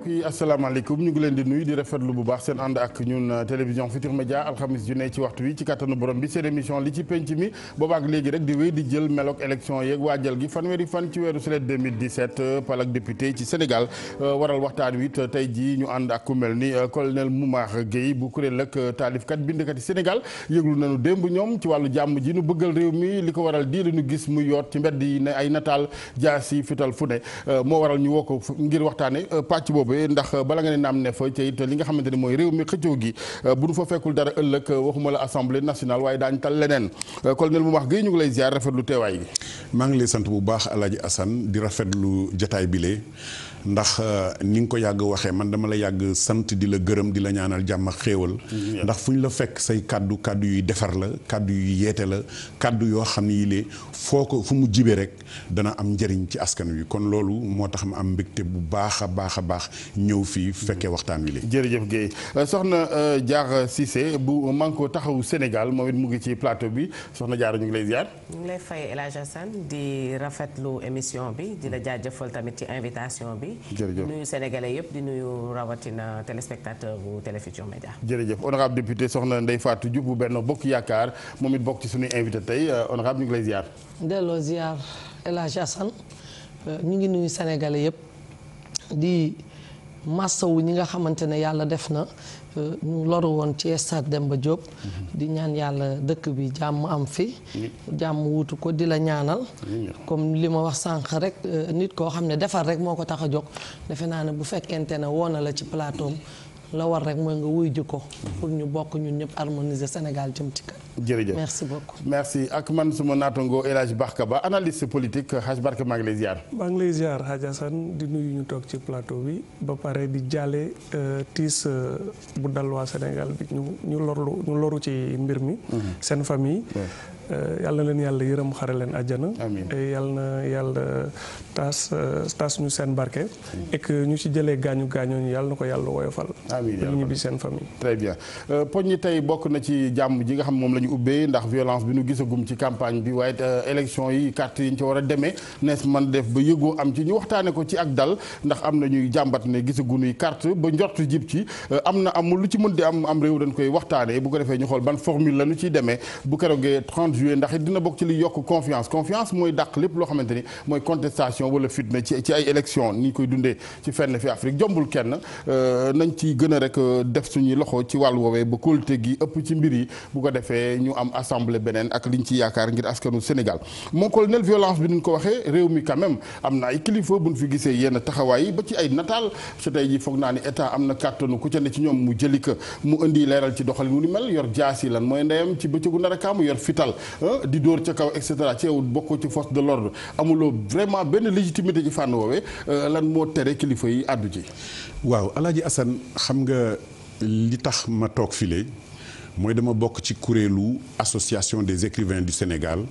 mbokk yi asalaamaaleykum ñu ngi leen di nuyu di rafetlu bu baax seen ànd ak ñun euh, télévision Futur Média alxamis ju ne ci waxtu wi ci kàttanu borom bi seen émission li ci penc mi boobaak léegi rek di wéy di jël meloog élection yeeg waajal gi fan fanweeri fan ci weeru sulet 2017 palak député ci Sénégal euh, waral waxtaan wi tey jii ñu ànd ak ku mel ni euh, colonel Moumar Gueye bu kuréel ak taalifkat bindikat yi Sénégal yëglu nañu démb ñoom ci wàllu jàmm ji nu bëggal réew li ko waral di lu ñu mu yoot ci mbedd yi ne ay nataal jaasi fital fu moo waral ñu woo ko ngir waxtaane pàcc boobu boobee ndax bala nga ne naam ne fa ca it li nga xamante ne mooy réew mi xëccoo gi euh, bu nu fa fekkul dara ëllëg euh, waxuma la assemblée nationale waaye daañu tal leneen euh, colonel Momar Gueye ñu ngi lay ziar rafetlu teewaay maa ngi lay sant bu baax El Hadj di rafetlu jotaay bile ndax ni nga ko yàgg waxee man dama la yàgg sant di la gërëm di la ñaanal jàmm ak xéewal ndax fu ñu la fekk say kàddu kàddu yuy defar la kàddu yuy yeete la kàddu yoo xam ne yile foo ko fu mu jibee rek dana am njëriñ ci askan wi kon loolu moo tax ma am mbégte bu baax a baax a baax ñëw fii fekkee waxtaan wi li jërëjëf Guèye euh, soxna euh, Diarra Cissé bu Manko taxawu Sénégal moom it mu ngi ci plateau bi soxna jaar ñu ngi lay ziar. ñu lay fay El Hadj Assane di rafetlu émission bi di la jaajëfal tamit ci invitation bi. jërëjëf nuyu sénégalais yëpp di nuyu rawatina téléspectateur bu Télé Futurs Médias. jërëjëf honorable député soxna Ndeye Fatou Diop bu Benno Bokk Yaakaar moom it bokk ci suñuy invité tey euh, honorable ñu ngi lay ziar. delloo ziar El Hadj Assane euh, ñu ngi nuyu sénégalais yëpp di wu ñi nga xamante ne yàlla def na euh, ñu loru woon ci stade ba Diop. Mhm. di ñaan yàlla dëkk bi jàmm am fi. jàmm wutu ko di la ñaanal. comme li ma wax sànq rek euh, nit koo xam ne defar rek moo ko tax a jóg. defe naa ne bu fekkente ne woon na la ci plateau la war rek mooy nga wuy ji ko. pour ñu bokk ñun ñëpp harmoniser Sénégal jëm ci kanam. jërëjëf merci beaucoup. merci ak man suma naataango El Hadj Ba analyste politique Hadj Barka maa ngi lay ziar. maa ngi lay ziar Hadj di nuyu ñu toog ci plateau bi ba pare di jaale euh, tiis euh, bu dal waa Sénégal bi ñu ñu lorlu ñu loru ci mbir mi. Mhm. seen famille. Eh, yàlla leen yàlla yërëm xare leen te eh, yàlla na yàlla taas eh, taas ñu seen barke. ek ñu ci jële gaañu gaañoo ñu yàlla na ko yàlla woyofal. amiin yàlla ñibbi seen famille. très bien euh, poñ ñi tey bokk na ci jàmm ji nga xam moom la ñu ubbee ndax violence bi nu gisagum ci campagne bi waaye euh, élection yi carte yi ñu ci war a demee nees man def ba yëgoo am ci ñu waxtaanee ko ci ak dal ndax am na ñuy jàmbat ne gisagunuy carte ba njort jib ci euh, am na amul lu ci mën di am am réew dañ koy waxtaanee bu ko defee ñu xool ban formule la ñu ciy demee joué ndax it dina bokk ci li yokk confiance confiance mooy dàq lépp loo xamante ni mooy contestation wala fitna ci ci ay élection ni koy dundee ci fenn fi Afrique jombul kenn euh, nañ ci gën a rek euh, def suñuy loxo ci wàllu woowee ba kóolute gi ëpp ci mbir yi bu ko defee ñu am assemblée beneen ak liñ ci yaakaar ngir askanu Sénégal mon colonel violence bi nuñ ko waxee réew mi quand même am na ay kilifa bu buñ fi gisee yenn taxawaay ba ci ay nataal su tey foog naa ni état am na kàttanu ku ca ci ñoom mu jëli ko mu indi leeral ci doxalin wu ni mel yor lan mooy ndeyam ci bëccëgu nar yor fital Ah, di door ca kaw et cetera ci yow bokkoo ci force de l'ordre amuloo vraiment benn légitimité ci fànn woowee euh, lan moo tere kilifa yi àddu ci. waaw Alaaji Assane xam nga li tax ma toog file mooy dama bokk ci kuréelu association des écrivains du Sénégal.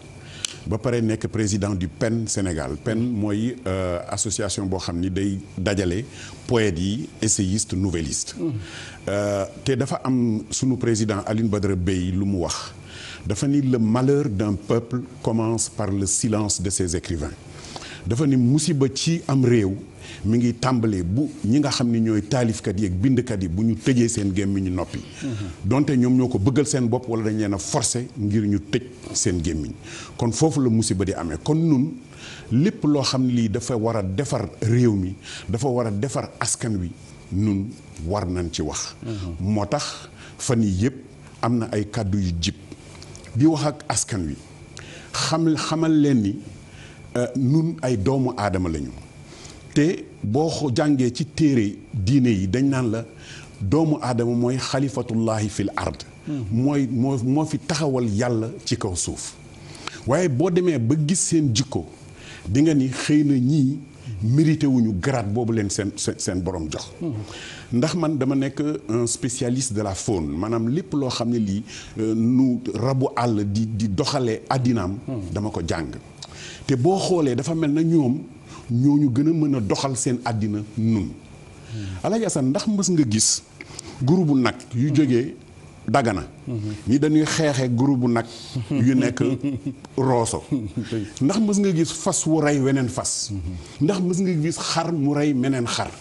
ba pare nekk président du PEN Sénégal PEN mooy euh, association boo xam ni day dajale poètes yi essayistes nouvellistes. Mm. Euh, te dafa am sunu président Aline Badara Bey lu mu wax. dafa ni la malheur d'un peuple commence par le silence de ses écrivains dafa ni musiba ci am réew mu ngi tàmbalee bu ñi nga xam ni ñooy taalifkat yi ak bindkat yi bu ñu tëjee seen gémmiñu noppi donte ñoom ñoo ko bëggal seen bopp wala dañ leen a forcer ngir ñu tëj seen gémmiñ kon foofu la musiba di amee kon nun lépp loo xam ne lii dafa war a defar réew mi dafa war a defar askan wi nun war nañ ci wax mhm. moo tax fan yii yëpp am na ay kàddu yu jib di wax ak askan wi xam xamal leen ni euh, nun ay doomu aadama lañu te boo ko jàngee ci téere diine yi dañ naan la doomu aadama mooy xalifatullahi fil ard hmm. mooy moo fi taxawal yàlla ci kaw suuf waaye boo demee ba gis seen jikko di nga ni xëy na ñii hmm. mérité wuñu garaat boobu leen seen seen seen borom jox hmm. ndax man dama nekk un spécialiste de la faune maanaam lépp loo xam ne lii euh, nu rabu àll di di doxalee àddinaam hmm. dama ko jàng te boo xoolee dafa mel na ñoom ñu gën a mën a doxal seen àddina nun hmm. Alaaji ndax mës nga gis group bu nag yu hmm. jógee Dagana ni dañuy xeexee group bu nag yu nekk Rosso ndax mës nga gis fas wu rey weneen fas ndax mës nga gis xar mu rey meneen xar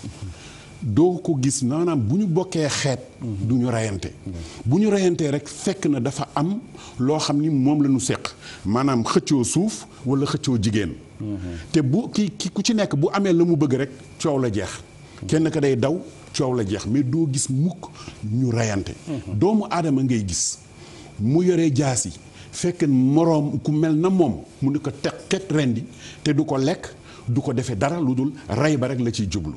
doo ko gis maanaam bu ñu bokkee xeet du ñu reyante bu ñu reyantee rek fekk na dafa am loo xam ni moom la ñu seq maanaam xëccoo suuf wala xëccoo jigéen te bu ki ki ku ci nekk bu amee la mu bëgg rek coow la jeex kenn ka day daw coow la jeex mais doo gis mukk ñu reyante doomu aadama ngay gis mu yore jaas yi fekk moroom ku mel na moom mu ni ko teg ket rendi te du ko lekk du ko defee dara lu dul rey ba rek la ciy jublu.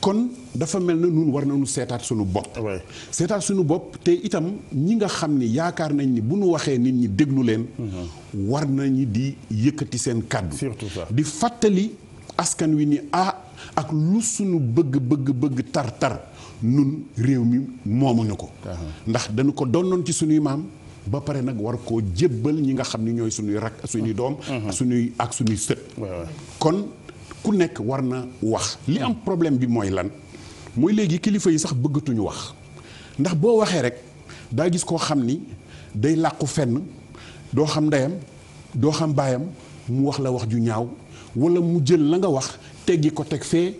kon dafa mel na nun war na nañu seetaat suñu bopp. seetaat suñu bopp te itam ñi nga xam ni yaakaar nañ ni bu nu waxee nit ñi déglu leen. Mm-hmm. war ñi di yëkkati seen kàddu. surtout ça di fàttali askan wi ni ah ak lu suñu bëgg bëgg bëgg tar tar nun réew mi moomuñu ko. Uh-huh. ndax dañu ko doonoon ci suñuy maam. ba pare nag war koo jébbal ñi nga xam ni ñooy suñuy rak suñuy uh-huh. doom. Uh-huh. suñuy ak suñuy sët. kon ku nekk war na wax li am problème bi mooy lan mooy léegi kilifa yi sax bëggatuñu wax ndax boo waxee rek daa gis koo xam ni day làqu fenn doo xam ndeyam doo xam baayam mu wax la wax ju ñaaw wala mu jël la nga wax teggi ko teg fee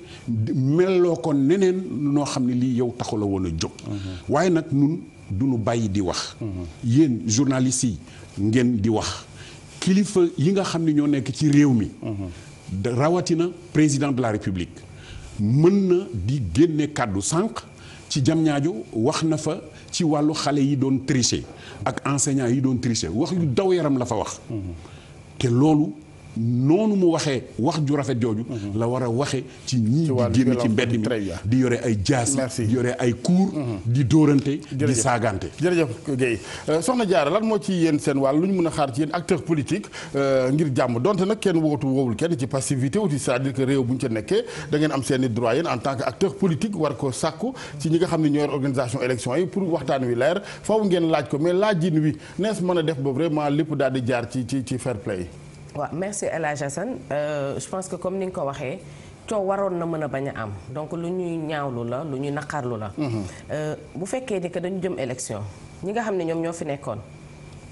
melloo ko neneen noo xam ne lii yow taxu la woon jóg mhm. waaye nag nun du nu bàyyi di wax mhm. yéen journalistes yi ngeen di wax kilifa yi nga xam ni ñoo nekk ci réew mi mhm. rawatina président de la république mën na di génne kàddu sànq ci Diamniadio wax na fa ci wàllu xale yi doon tricher ak enseignants yi doon tricher wax yu daw yaram la fa wax mhm. te loolu noonu mu waxee wax ju rafet jooju. Mhm. la war a waxe ci ñii di génn ci mbedd mi di yore ay jaas di yore ay kuur mhm. di dóorante di saagante jërëjëf Guèye euh, soxna Diarra lan moo ci yéen seen wàll lu ñu mën a xaar ci yéen acteur politique euh, ngir jàmm donte nag kenn wootu woowul kenn ci passivité aussi c'est-à-dire que réew bu ñu ca nekkee da ngeen am seeni droit yéen en tant que acteur politique war ko sàkku ci ñi nga xam ne ñooy organisation élection yi pour waxtaan wi leer faaw ngeen laaj ko mais laajin wi nees mën a def ba vraiment lépp daal di jaar ci ci ci fair waaw merci El Hadj Assane euh, je pense que comme ni nga ko waxee coow waroon na mën a bañ a am donc lu ñuy ñaawlu la lu ñuy naqarlu la. Mhm. Euh, bu fekkee ni dañu jëm élection ñi nga xam ne ñoom ñoo fi nekkoon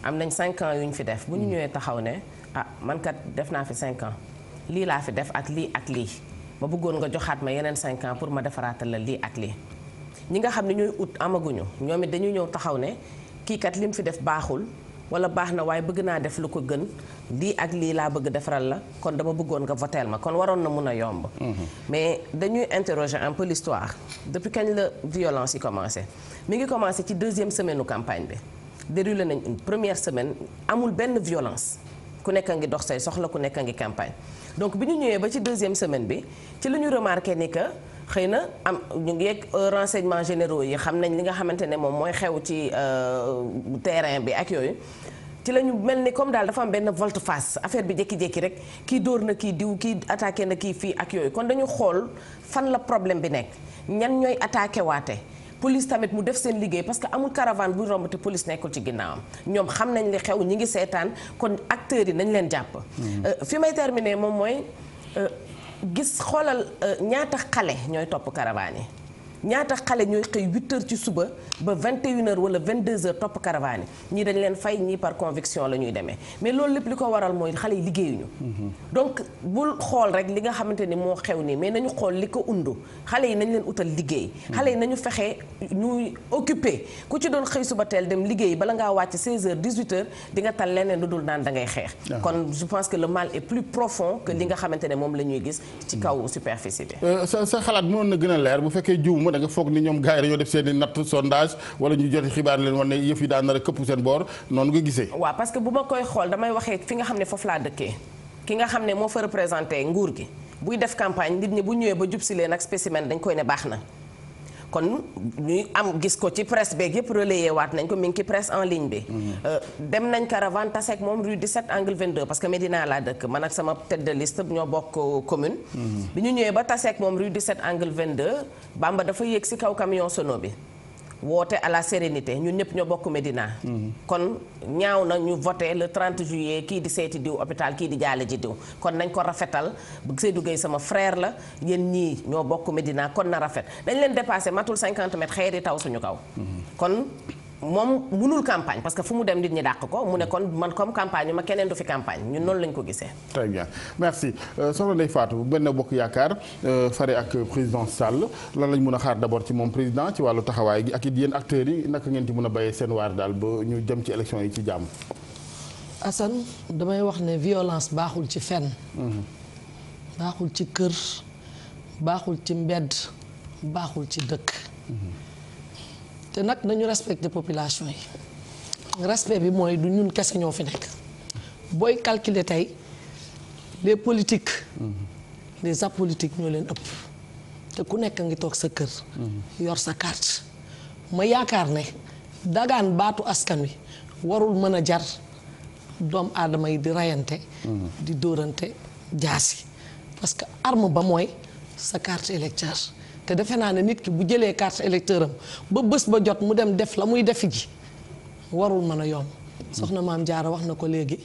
am nañ 5 ans yu ñu fi def bu ñu mhm. ñëwee taxaw ne ah man kat def naa fi 5 ans lii laa fi def ak lii ak lii ma bëggoon nga joxaat ma yeneen 5 ans pour ma defaraatal la lii ak lii. ñi nga xam ne ñooy ut amaguñu ñoom it dañuy ñëw taxaw ne kii kat mu fi def baaxul. wala baax na waaye bëgg naa def lu ko gën lii ak lii laa bëgg defaral la kon dama bëggoon nga voteel ma kon waroon na mun a yomb. Mhm. mais dañuy interroger un peu l'histoire depuis kañ la violence yi commencé mi ngi commencé ci deuxième semaine u campagne bi déroulé nañ une première semaine amul benn violence ku nekk a ngi dox say soxla ku nekk a ngi campagne donc bi ñu ñëwee ba ci deuxième semaine bi ci la ñu remarqué xëy na am ñu ngi yegg renseignements généraux yi xam nañ li nga xamante ne moom mooy xew ci euh, terrain bi ak yooyu ci lañu mel ni comme daal dafa am benn volte face affaire bi jékki-jékki rek kii dóor na ki diw kii attaqué na kii fii ak yooyu kon dañu xool fan la problème bi nekk ñan ñooy attaqué waate police tamit mu def seen liggéey parce que amul caravane bu romb te police nekkul ci ginnaawam ñoom xam nañ li xew ñi ngi seetaan kon acteurs yi nañ leen jàpp. Mm-hmm. Euh, fi moom mooy. Euh, gis xoolal euh, ñaata xale ñooy topp caravane ñaata xale ñooy xëy 8 heures ci suba ba 21 heures wala 22 topp caravane yi dañ leen fay ñii par conviction la ñuy mais loolu lépp li ko waral mooy xale yi liggéeyuñu. donc bul xool rek li nga xamante ni moo xew nii mais nañu xool li ko undu xale yi nañ leen utal liggéey. xale yi nañu fexe ñuy occupé ku ci doon xëy suba teel dem liggéey bala ngaa wàcc 16 heures 18 heures di nga tal leneen lu dul naan da ngay xeex. Ah. kon je pense que le mal est plus profond que li nga xamante ne moom la ñuy gis. ci kaw superficie bi. Euh, da nga foog ni ñoom gars yi dañoo def seen i natt sondage wala ñu joti xibaar leen wan ne yëf yi daan nar a këpp seen boor noonu nga gisee waaw parce bu ma koy xool damay waxee fi nga xam ne foofu laa dëkkee ki nga xam ne moo fa représenté nguur gi buy def campagne nit ñi bu ñëwee ba jub si leen ak spécimen dañ koy ne baax na kon ñu am gis ko ci presse beeg yëpp relayé waat nañ ko mi ngi ci presse en ligne bi. Euh, dem nañ caravane taseek moom rue 17 angle 22 parce que Medina laa dëkk man ak sama tête de liste ñoo bokk commune. Mhm. bi ñu ñëwee ba taseek moom rue 17 angle 22 Bamba dafa yéeg si kaw camion sono bi. woote à la sérénité ñun ñëpp ñoo bokk Medina. Mhm. kon ñaaw na ñu voté le 30 juillet kii di seeti diw hôpital kii di jaale ji diw kon nañ ko rafetal Seydou duggee sama frère la yéen ñii ñoo bokk Medina kon na rafet dañ leen dépassé matul 50 mètres xeer yi taw suñu kaw mhm. kon. moom mënul campagne parce que fu mu dem nit ñi dàq ko mu ne kon man comme campagne ma keneen du fi campagne ñun noonu lañ ko gisee. très bien merci euh, soxna Ndeye Fatou benn bokk yaakaar euh, fare ak président Sall lan lañ mun a xaar d' abord ci moom président ci wàllu taxawaay gi ak it yéen acteurs yi naka ngeen ci mën a béyee seen waar daal ba ñu jëm ci élection yi ci jàmm. Assane damay wax ne violence baaxul ci fenn. Mhm. baaxul ci kër baaxul ci mbedd baaxul ci dëkk. Mhm. te nag nañu respecter population yi respect bi mooy du ñun kese ñoo fi nekk booy calculer tey les politiques mhm. les apolitiques ñoo leen ëpp te ku nekk ngi toog sa kër mhm. yor sa carte ma yaakaar ne dagaan baatu askan wi warul mën a jar doom aadama yi di rayante mhm. di dóorante jaasi parce que arme ba mooy sa carte électeur te defe naa ne nit ki bu jëlee carte électeur am ba bës ba jot mu dem def la muy defi ji warul mën a yomb. soxna maam Jaara wax na ko léegi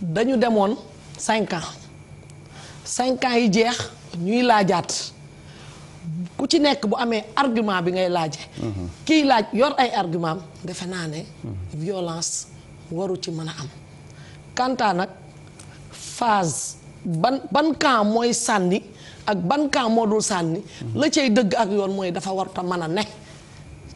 dañu demoon cinq ans yi jeex ñuy laajaat ku ci nekk bu amee argument bi ngay laaje mhm. kiy laaj yor ay argument defe naa ne violence waru ci mën a am quant nag phase ban ban mooy sànni ak ban camp moo dul sànni. la cay dëgg ak yoon mooy dafa war a man a ne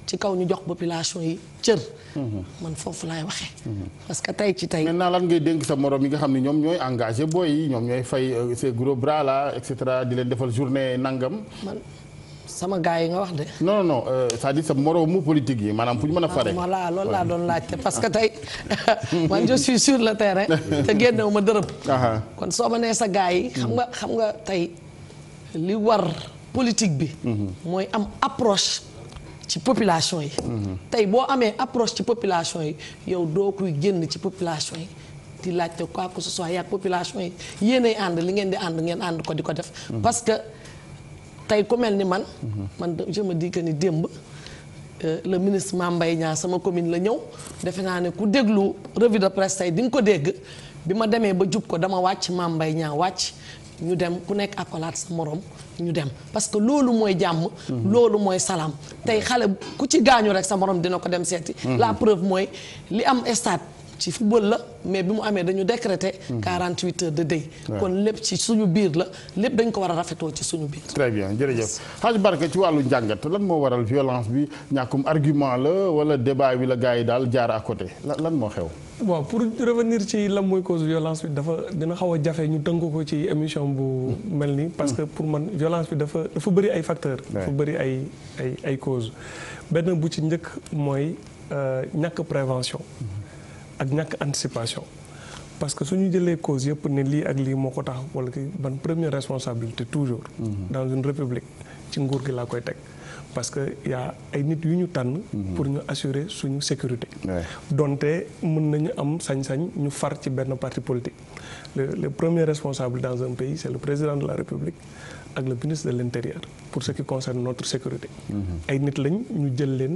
ci kaw ñu jox population yi cër. Mm-hmm. man foofu laay waxee. Mm-hmm. parce que tey ci tey. naa lan ngay dénk sa moroom yi nga xam ne ñoom ñooy engagé booy yi ñoom ñooy fay euh, ces gros bras la et di leen defal journée nangam. man sama gars yi nga wax de. non no euh, c'est-à-dire sa moromu politique yi maanaam fu ñu mën a fare. Ah, voilà loolu laa doon laajte parce que tey man je suis sur le terrain. te génnewu ma dërëm. kon soo li war politique bi mhm. mooy am approche ci population yi mhm. tey boo amee approche ci population yi yow doo kuy génn ci population yi di laajte quoi que ce soit population yi yéenay ànd li ngeen di ànd ngeen ànd ko di ko def mhm. parce que tey ku mel ni man man je me dis ni démb euh, le ministre Mame sama commune la ñëw defe naa ne ku déglu revue de presse tey di nga ko dégg bi ma demee ba jub ko dama wàcc Mame Mbaye wàcc ñu dem ku nekk accolade sa morom ñu dem parce que loolu mooy jàmm. loolu mooy salaam. tey xale ku ci gaañu rek sa morom dina ko dem seeti. Mhm. la preuve mooy li am stade. ci football la mais bi mu amee dañu décréter. 48 hmm. heures de deuil. kon lépp ci suñu biir la lépp dañ ko war a rafetoo ci suñu biir. très bien jërëjëf Hadj Barke ci wàllu njàngat lan moo waral violence bi ñàkkum argument la wala débat bi la gars yi daal jaar à côté lan moo xew. bon pour revenir ci lan mooy cause violence bi dafa dina xaw a jafe ñu tënk ko ci émission bu hmm. mel nii. parce que hmm. pour man violence bi dafa dafa bëri ay facteur dafa bëri ay ay ay causes benn bu ci njëkk mooy euh, ñàkk prévention. ak ñàkk anticipation parce que su ñu jëlee cause yëpp ne lii ak lii moo ko tax wala ki ban première responsabilité toujours mhm. dans une république ci nguur gi laa koy teg parce que yaa ay nit yu ñu tànn mhm. pour ñu assurer suñu sécurité donte mën nañu am sañ-sañ ñu far ci benn parti politique le le premier responsable dans un pays c'est le président de la république ak le ministre de l'intérieur pour ce qui concerne notre sécurité mhm. ay nit lañ ñu jël leen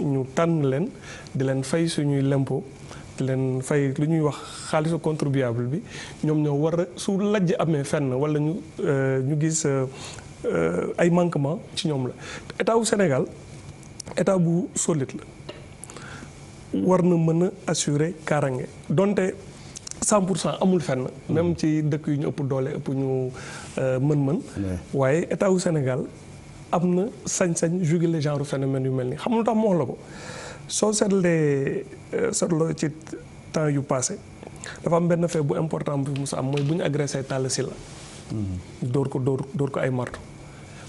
ñu tànn leen di leen fay suñuy lempo leen fay lu ñuy wax xaalisu contribuable bi ñoom ñoo war a su lajj amee fenn wala ñu euh, ñu gis euh, ay manquement ci ñoom la état wu Sénégal état bu solide la war na mën a assurer kaaraange donte cent pour cent amul fenn même ci dëkk yu ñu ëpp doole ëpp ñu euh, mën-mën waaye état wu Sénégal am na sañ-sañ juguler genre phénomène yu mel nii xam lu tax moo la ko soo seetlee euh, seetloo ci temps yu passé dafa am benn fait bu important bu mu sa am mooy bu ñu agressé si la mhm. dóor ko dóor dóor ko ay marto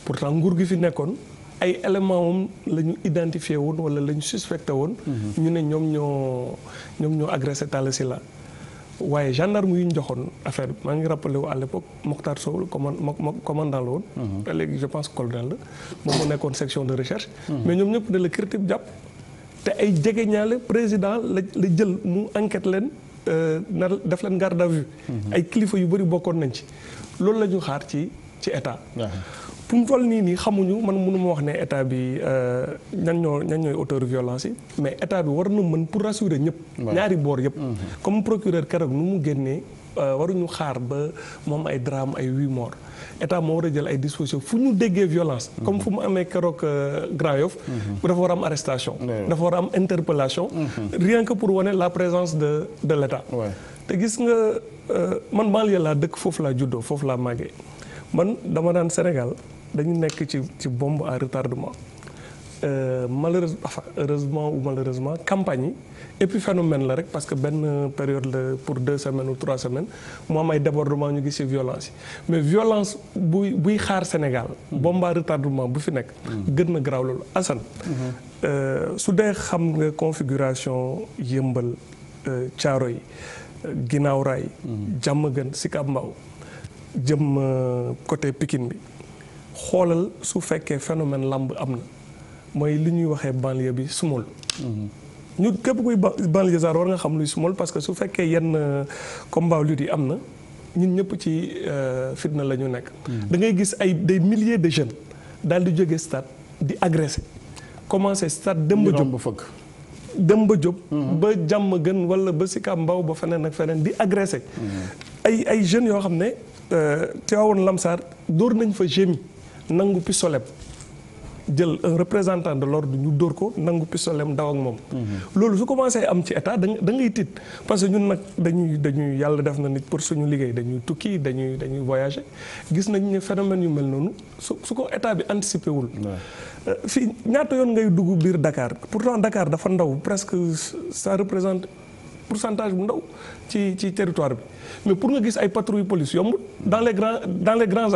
pour pourtant nguur gi fi nekkoon ay élément am la ñu identifié woon wala la ñu suspecté woon mhm. ñu ne ñoom ñoo ñoom ñoo agressé Talla Sylla waaye gendarme yu ñu joxoon affaire bi maa ngi rappelé wu à l'époque Mokhtar Sow commandant la woon mhm. léegi je pense colonel la moom moo nekkoon section de recherche mais ñoom ñëpp da la jàpp te ay jegeñaale président la la jël mu enquête leen euh, nar def leen garde à vue mhm. ay kilifa yu bëri bokkoon nañ ci loolu la ñu xaar ci ci état fu mu toll nii nii xamuñu man mënu ma wax ne état bi euh, ñan ñoo ñan ñooy auteur violence yi mais état bi war na mën pour rassurer ñëpp ñaari boor yëpp mhm. comme procureur keroog nu mu génnee Euh, waruñu xaar ba moom ay drame ay huit morts état moo war a jël ay dispositions fu ñu déggee violence. comme fu mu amee keroog euh, Grand Yoff dafa war am arrestation. dafa war am interpellation. Mhm. rien que pour wane la présence de de l' état. te gis nga euh, man banlieue laa dëkk foofu laa juddoo foofu laa màggee man dama daan Sénégal dañu nekk ci ci bombe à retardement. Euh, malheureusement heureusement ou malheureusement campagne yi épiphénomène la rek parce que benn période la pour deux semaines ou trois semaines mu am ay débordement ñu gis ci violence yi mais violence buy buy xaar Sénégal bomba retardement bu fi nekk gën na garaaw loolu Assane euh, su dee xam nga configuration yëmbal euh, caaro yi ginnaaw raay jàmm gën Sicap Mbao jëm côté Pikine bi xoolal su fekkee phénomène lamb am na mooy li ñuy waxee banlieue bi sumul. Mhm. ñu képp kuy banlieusard war nga xam luy sumul parce que su fekkee yenn euh, combat lutte yi am na ñun ñëpp ci euh, fitna la ñu nekk. Mhm. da ngay gis ay des milliers de jeunes daal di jóge stade di agressé commencé stade dem ba jóg fëgg. dem mhm. ba jàmm gën wala ba Sicap Mbao ba feneen ak feneen di agressé. ay ay jeunes yoo xam ne euh, Tivaouane Lamsar dóor nañ fa gémi nangu pistolet. jël un représentant de l'ordre ñu dóor ko nangu pistolem daw ak moom. Mhm. loolu su commencé am ci état da da ngay tiit parce que ñun nag dañuy dañuy yàlla def na nit pour suñu liggéey dañuy tukki dañuy dañuy voyager gis nañ ni phénomène yu mel noonu su su ko état bi anticipé wul. Euh, fii ñaata yoon ngay dugg biir Dakar pourtant Dakar dafa ndaw presque ça représente pourcentage bu ndaw ci ci territoire bi mais pour nga gis ay patrouille police yombul dans les grands dans les grands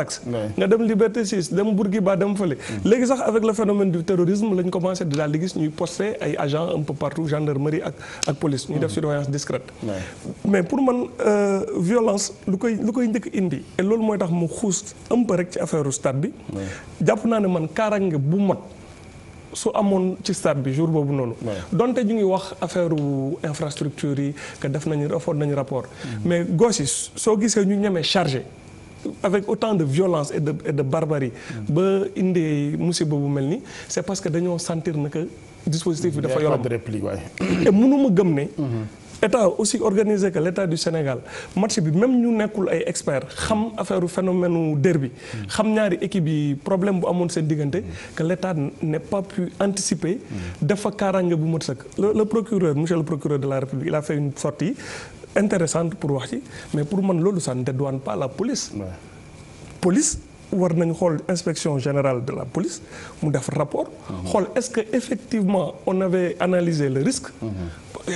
nga dem Liberté 6 dem baa dem fële mm. léegi sax avec le phénomène du terrorisme lañ commencé di daal di gis ñuy posté ay agents un peu partout gendarmerie ak ak police ñuy def mm. surveillance discrète mais pour man euh, violence lu koy lu koy njëkk indi loolu mooy tax mu xuus un rek ci affaire stade bi jàpp naa ne man kaaraange bu mot su amoon ci stade bi jour boobu noonu. donte ñu ngi wax affaire infrastructure yi que def nañu defoon nañu rapport. Mm-hmm. mais gos yi soo gisee ñu ñemee chargé. avec autant de violence et de et de barbarie. Mm-hmm. ba indee musiba boobu mel ni c'est parce que dañoo sentir na que dispositif bi dafa yorom. et mënuma gëm ne. Mm-hmm. état aussi organisé ko l' du Sénégal match bi même ñu nekkul ay experts xam affaire phénomène u derby xam ñaari équipe yi problème bu amoon seen diggante que l' état n' est pas pu anticiper. dafa kaaraange bu mat sëkk le procureur monsieur le procureur de la République il a fait une sortie intéressante pour wax ci mais pour man loolu ça ne dédouane pas la police. police war nañ xool inspection générale de la police mu def rapport. xool est-ce que effectivement on avait analysé le risque.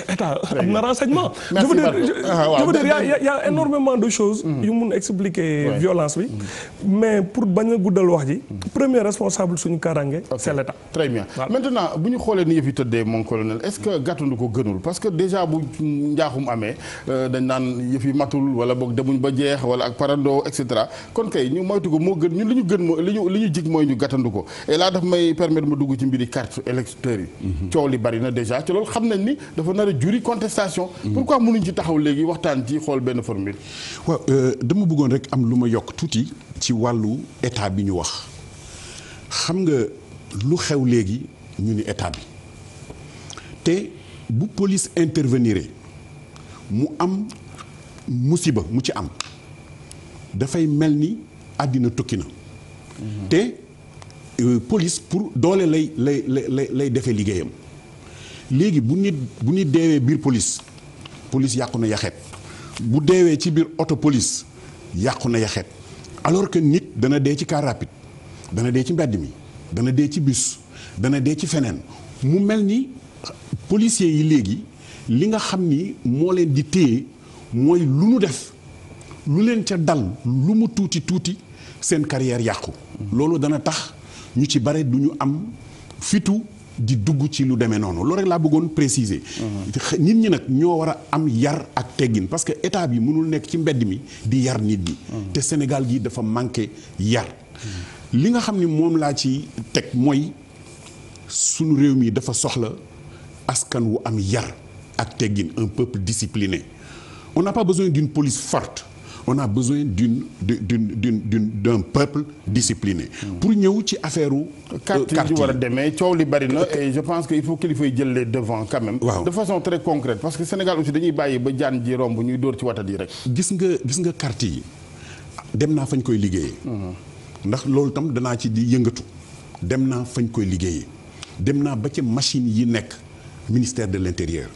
état am na renseignement. je a y' a de choses. Mm-hmm. yu mun expliquer violence bi. Mm-hmm. mais pour bañ a guddal wax ji. Mm-hmm. premier responsable suñu kaaraange. c' est l' état. très bien maintenant bu ñu xoolee ni yëf yi tëddee mon colonel est ce que gàttandu ko gënul parce que déjà bu njaaxum amee euh, dañ naan yëf yi matul wala boog demuñ ba jeex wala ak parando et cetera kon kay ñu moytu ko moo gën ñu li ñu gën moo li ñu li ñu jig mooy ñu gàttandu ko et là daf may permettre ma dugg ci mbiri carte électeur yi. coow bari na déjà ci loolu xam nañ dafa nar a juri contestation. Mm. pourquoi mënuñ ci taxaw léegi waxtaan ci xool benn formule. waaw euh, dama bëggoon rek am lu ma yokk tuuti ci wàllu état bi ñu wax xam nga lu xew léegi ñu ni état bi te bu police intervenir mu am musiba mu ci am dafay mel ni àddina tukki na. Mm-hmm. te euh, police pour doole lay lay lay lay defee liggéeyam. léegi bu nit bu nit deewee biir police police yàqu na yaxet bu deewee ci biir oto police yàqu na yaxeet alors que nit dana dee ci car rapide dana dee ci mbedd mi dana dee ci bus dana dee ci feneen mu mel ni policier yi léegi li nga xam ni moo leen di téye mooy lu nu def lu leen ca dal lu mu tuuti tuuti seen carrière yàqu loolu dana tax ñu ci bare du ñu am fitu di dugg ci lu demee noonu loolu rek laa bëggoon préciser. Mhm. nit ñi nag ñoo war a am yar ak teggin parce que état bi mënul nekk ci mbedd mi di yar nit ñi. Mhm. te Sénégal gi dafa manqué yar. li nga xam ni moom laa ci teg mooy sunu réew mi dafa soxla askan wu am yar ak teggin un peuple discipliné on n'a pas besoin police forte. on a besoin d'une d'une d'une d'une d'un peuple discipliné. pour ñëw ci affaire u carte euh, yi war a demee coow li bari na et je pense que il faut kilifa yi jël les devants quand même. waaw de façon très concrète parce que Sénégal aussi dañuy bàyyi ba jaan ji romb ñuy dóor ci watat yi rek. gis nga gis nga carte yi dem naa fañ koy liggéeyee. Mm-hmm. ndax loolu tam danaa ci di yëngatu. dem naa fañ koy liggéeyee. dem naa ba ca machine yi nekk ministère de l'intérieur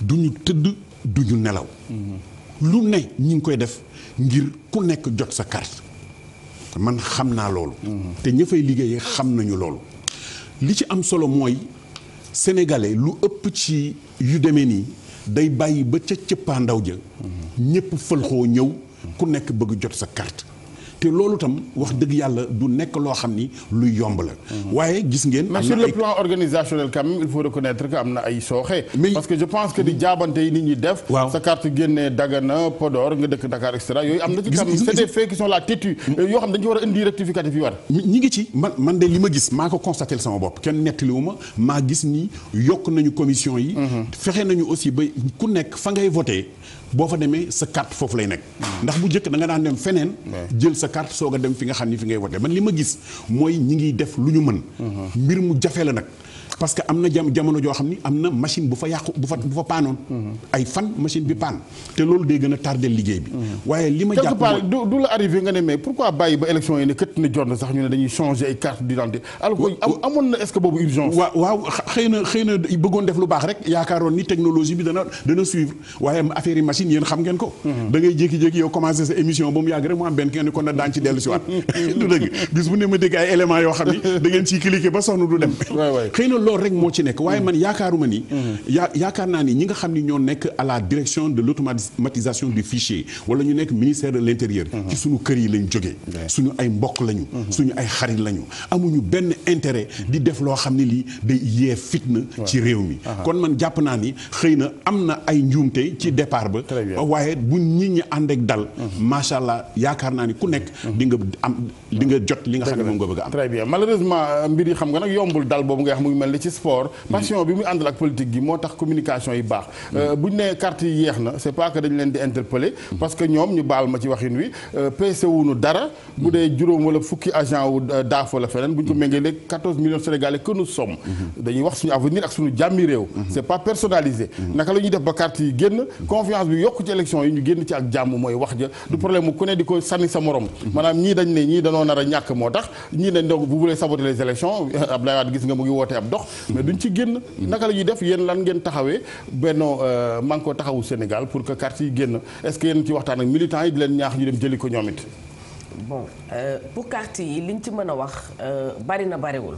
duñu tëdd duñu nelaw. Mm-hmm. lu ne ñi ngi koy def ngir ku nekk jot sa carte man xam naa loolu. Mhm. te ña fay liggéeyee xam nañu loolu. li ci am solo mooy sénégalais lu ëpp ci yu demee nii day bàyyi ba ca ndaw ja mhm. ñëpp fëlxoo ñëw ku nekk bëgg jot sa kart te loolu tam wax dëgg yàlla du nekk loo xam ni luy yomb la. waaye gis ngeen. mais sur le plan il faut reconnaître que am na ay sooxe. parce que je pense que di jaabante yi nit ñi def. sa carte génnee Dagana Podor nga dëkk Dakar et yooyu am na ci. gis gis c'est des faits qui sont euh, yoo xam dañu ci war a indi rectificatif yi war. ñi ngi ci man man de li ma gis maa ko constaté sama bopp kenn nettaliwu maa gis ni yokk nañu commission yi. Mhm. fexe nañu aussi boo fa demee sa carte foofu lay nekk. ndax bu njëkk da nga daan dem feneen. jël sa carte soog a dem fi nga xam ni fi ngay wote man li ma gis mooy ñi ngiy def lu ñu mën. Mmh. mbir mu jafe la nag. parce que am na jamono joo xam ni am na machine bu fa yàqu bu fa bu fa paanoon. Mm-hmm. ay fan machine bi paan te loolu day gën a tardé liggéey bi. Mm-hmm. waaye li ma jàpp mooy du la arrivé nga ne mais pourquoi bàyyi ba élection yi ne kët na jot na sax ñu ne dañuy changé ay carte d'identité. alors que amoon na est que boobu urgence. waaw waaw xëy na xëy na bëggoon def lu baax rek yaakaaroon ni technologie bi dana suivre waaye affaire machine yéen xam ngeen ko. Mm-hmm. da jékki-jékki loolu rek moo ci nekk waaye mm. man yaakaaruma ni mm. yaa yaakaar naa ni ñi nga xam ni ñoo nekk à la direction de l'automatisation du fichier wala ñu nekk ministère de l'intérieur mm-hmm. ci suñu kër yi lañ jógee suñu ay mbokk lañu mm-hmm. suñu ay xarit lañu amuñu benn intérêt di def loo xam ne lii day yee fitna ci réew mi uh-huh. kon man jàpp naa ni xëy na am na ay njuumte ci mm-hmm. départ ba waaye bu nit ñi ànd ak dal macha allah yaakaar naa ni ku nekk di nga am di nga jot li nga xam ne moom nga bëgg a am àndale ci sport passion bi muy àndal ak politique gi moo tax communication yi baax mm. euh, bu ñu nee carte yi yeex na c'est pas que dañ leen di interpeller mm. parce que ñoom ñu baal ma ci waxin wi euh, PC wunu dara mm. bu dee juróom wala fukki agent wu euh, daafo la feneen bu ñu ko méngalee 14 millions sénégalais que nous mm-hmm. dañuy wax suñu avenir ak suñu jàmmi réew mm-hmm. c'est pas personnalisé mm-hmm. naka la def ba carte yi génn confiance bi yokk ci élection yi ñu génn ci ak jàmm mais duñ ci génn. naka la ñuy def yéen lan ngeen taxawee Benno euh, Manko Taxawu Sénégal pour que quartier yi génn est-ce que yéen ci waxtaan ak militants yi di leen ñaax ñu dem jëli ko ñoom it. bon euh, pour quartier yi liñ ci mën a wax euh, bari na bariwul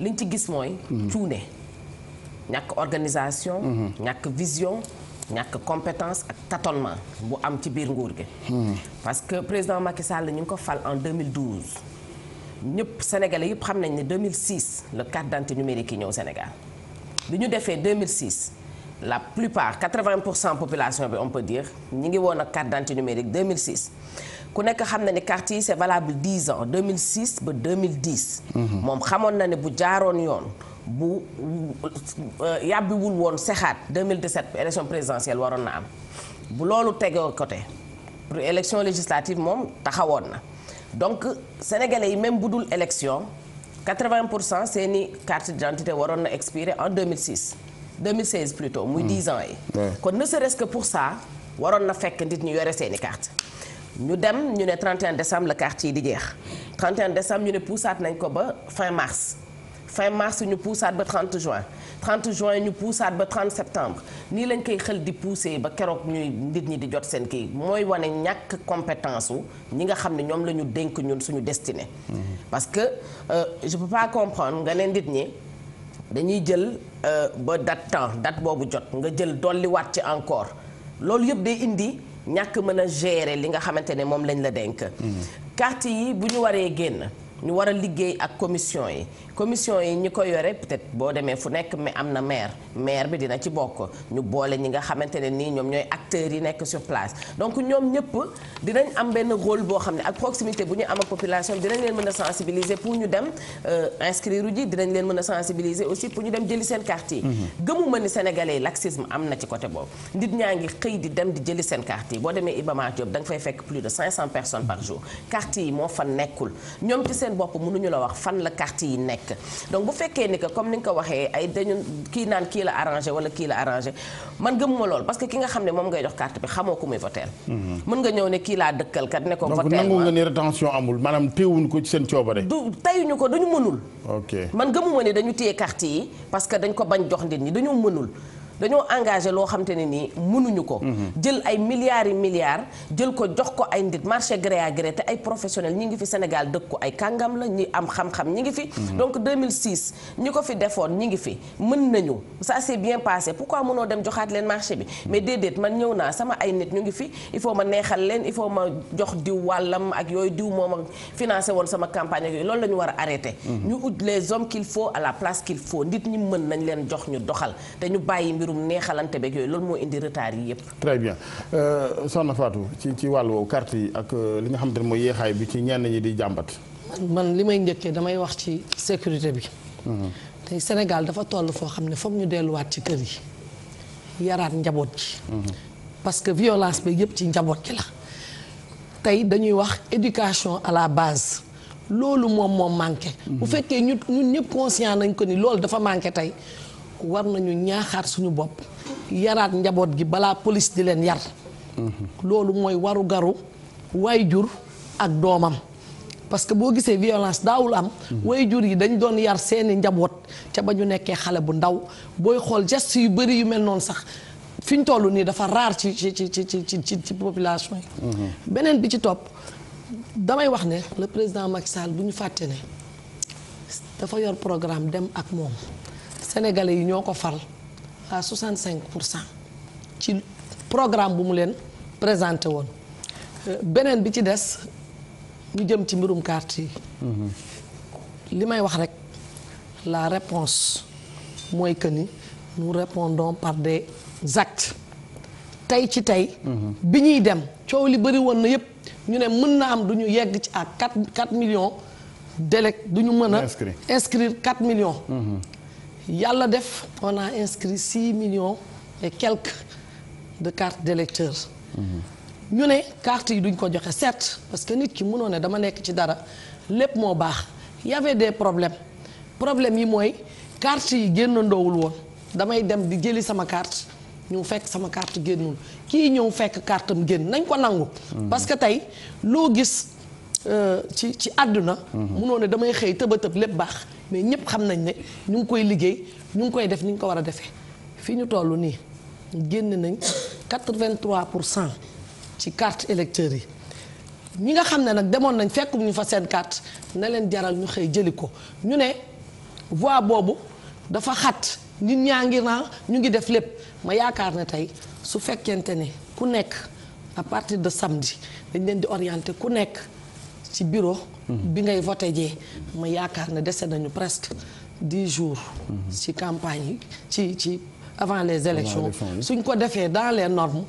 liñ ci gis mooy. Mhm. cuune ñàkk organisation. Mhm. ñàkk vision. ñàkk compétence ak tâtonnement bu am ci biir nguur gi. Mhm. parce que président Macky Sall ñu ngi ko fal en 2012. ñëpp sénégalais yëpp xam nañ ne 2006 la carte d'identité numérique yi ñëw Sénégal bi ñu defee 2006 la plupart 80 pour cent population bi on peut dire ñi ngi woon ak carte d'identité numérique 2006 ku nekk xam na ni carte yi c'est valable 10 ans 2006 ba 2010. Mhm. moom xamoon na ne bu jaaroon yoon. bu euh, yàbbiwul woon sexaat 2017 élection présidentielle waroon na am bu loolu tegoo côté pour élection législative moom taxawoon na. donc sénégalais yi même bu dul élection 80 pour cent seeni carte d'identité waroon na expirer en 2006 2016 plutôt muy 10 ans yi hmm. kon ne serait-ce que pour ça waroon na fekk nit ñu yore seeni carte ñu dem ñu ne 31 décembre la carte yi di jeex 31 décembre ñu ne puusaat nañ ko ba fin mars fin mars ñu puusaat ba 30 juin 30 juin ñu puusaat ba 30 septembre nii lañ koy xel di pousser ba keroog ñuy nit ñi di jot seen kii mooy wane ñàkk compétence wu ñi nga xam ne ñoom la ñu dénk ñun suñu destinée. parce que euh, je pas comprendre nga ne nit ñi dañuy jël euh, ba date temps date boobu jot nga jël dolliwaat ci encore loolu yëpp day indi ñàkk mën a gérer li nga xamante ne moom lañ la dénk. carte mm-hmm. yi bu ñu waree génn ñu war a liggéey ak commission yi. commission yi ñi ko yore peut-être boo demee fu nekk mais am na maire maire bi dina ci bokk ñu boole ñi nga xamante ne nii ñoom ñooy acteur yi nekk sur place donc ñoom ñëpp dinañ am benn rôle boo xam ne ak proximité bu ñu am ak population dinañ leen mën a sensibiliser pour ñu dem euh, inscrire ji dinañ leen mën a sensibiliser aussi pour dem jëli seen carte yi mhm. gëmuma ni sénégalais yi laxisme am na ci côté boobu nit ñaa ngi xëy di dem di jëli seen carte yi boo demee Iba Mar Diop fay fekk plus de 500 personnes par jour carte yi moo fa nekkul ñoom ci seen bopp la wax fan la carte yi nekk nekk donc bu fekkee ni que comme ni nga ko waxee ay dañu kii naan kii la arrangé wala kii la arrangé man gëmuma lool parce que ki nga xam ne moom ngay jox carte bi xamoo ku muy voteel mhm. mën nga ñëw ne kii laa dëkkal kat ne ko voteel donc nga ni rétention amul man gëmuma ni dañu téye carte yi parce que dañ ko bañ jox nit ñi dañu mënul dañoo engagé loo xam te ne nii mënuñu ko. Mhm. jël ay milliards yi milliards jël ko jox ko ay ndit marché gré à gré te ay professionnels ñi ngi fi senegal dëkk ko ay kàngam la ñi am xam-xam ñi ngi fi. Mhm. donc 2006 ñi ko fi defoon ñi ngi fi mën nañu ça s'est bien passé pourquoi mënoo dem joxaat leen marché bi mhm. mais déedéet man ñëw naa sama ay nit ñu ngi fi il faut ma neexal leen il faut ma jox diw wàllam ak yooyu diw moom ak financé woon sama campagne ak yooyu loolu la ñu war a arrêté. ñu ut les hommes qu'il faut à la place qu'il faut nit ñi mën nañ leen jox ñu doxal te bàyyi mbirum neexalante beeg yooyu loolu moo indi yi yëpp. très bien euh, ci ci wàll woowu yi ak euh, li nga xamante ne mooy yeexaay bi ci ñenn ñi di jàmbat. man li may njëkkee damay wax ci sécurité bi. Mhm. tey Sénégal dafa toll foo xam ne foog ñu delluwaat ci kër yi yaraat njaboot mhm. parce que violence bi yëpp ci njaboot ji la. dañuy wax éducation à la base. loolu moom moo manqué. Mhm. bu fekkee ñu ñun ñëpp conscient nañ ko ni loolu dafa manqué tey war nañu ñaaxaat suñu bopp yaraat njaboot gi balaa police di leen yar mm-hmm. loolu mooy waru garu jur ak doomam parce que boo gisee violence daawul am mm-hmm. jur yi dañ doon yar seeni njaboot ca ba ñu nekkee xale bu ndaw booy xool geste yu bari yu mel noonu sax fi ñu toll nii dafa raar ci ci ci ci ci population yi mm-hmm. beneen bi ci topp damay wax ne le président Macky Sall bu ñu fàtte ne dafa yor programme dem ak moom sénégalais yi ñoo ko fal à cinq pour cent ci programme bu mu leen présenté woon euh, beneen bi ci des ñu jëm ci mbirum carte yi. Mm-hmm. li may wax rek la réponse mooy que ni nous répondons par des actes tey ci tey. Mm-hmm. bi ñuy dem coow li bëri woon na yépp ñu ne mën na am du ñu yegg ci à 4 4 millions d'élect du ñu mën a. inscrire 4 millions. Mm-hmm. yàlla def on a inscrit six millions et quelque de cartes d'électeurs mhm. ñu ne cartes yi duñ ko joxe certes parce que nit ki mënoo ne dama nekk ci dara lépp moo baax y avait des problèmes problème yi mooy carte yi génnandoowul woon damay dem di jëli sama carte ñu fekk sama carte génnul kii ñëw fekk carte am génn nañ ko nangu mhm. parce que tey loo gis euh, ci ci àdduna mhm. mënoo ne damay xëy tëba tëb lépp baax mais ñëpp xam nañ ne ñu ngi koy liggéey ñu ngi koy def ni ñu ko war a defee fii ñu toll nii génn nañ 83 pour cent ci carte électeurs yi ñi nga xam ne nag demoon nañ fekkum ñu fa seen carte na leen jaral ñu xëy jëli ko ñu ne voie boobu dafa xat nit ñaa ngi naa ñu ngi def lépp ma yaakaar ne tey su fekkente ne ku nekk à partir de samedi dañ leen di orienter ku nekk. ci bureau. bi ngay voté jee ma yaakaar ne dese nañu presque dix jours. ci campagne ci ci avant les élections suñ ko defee dans les normes.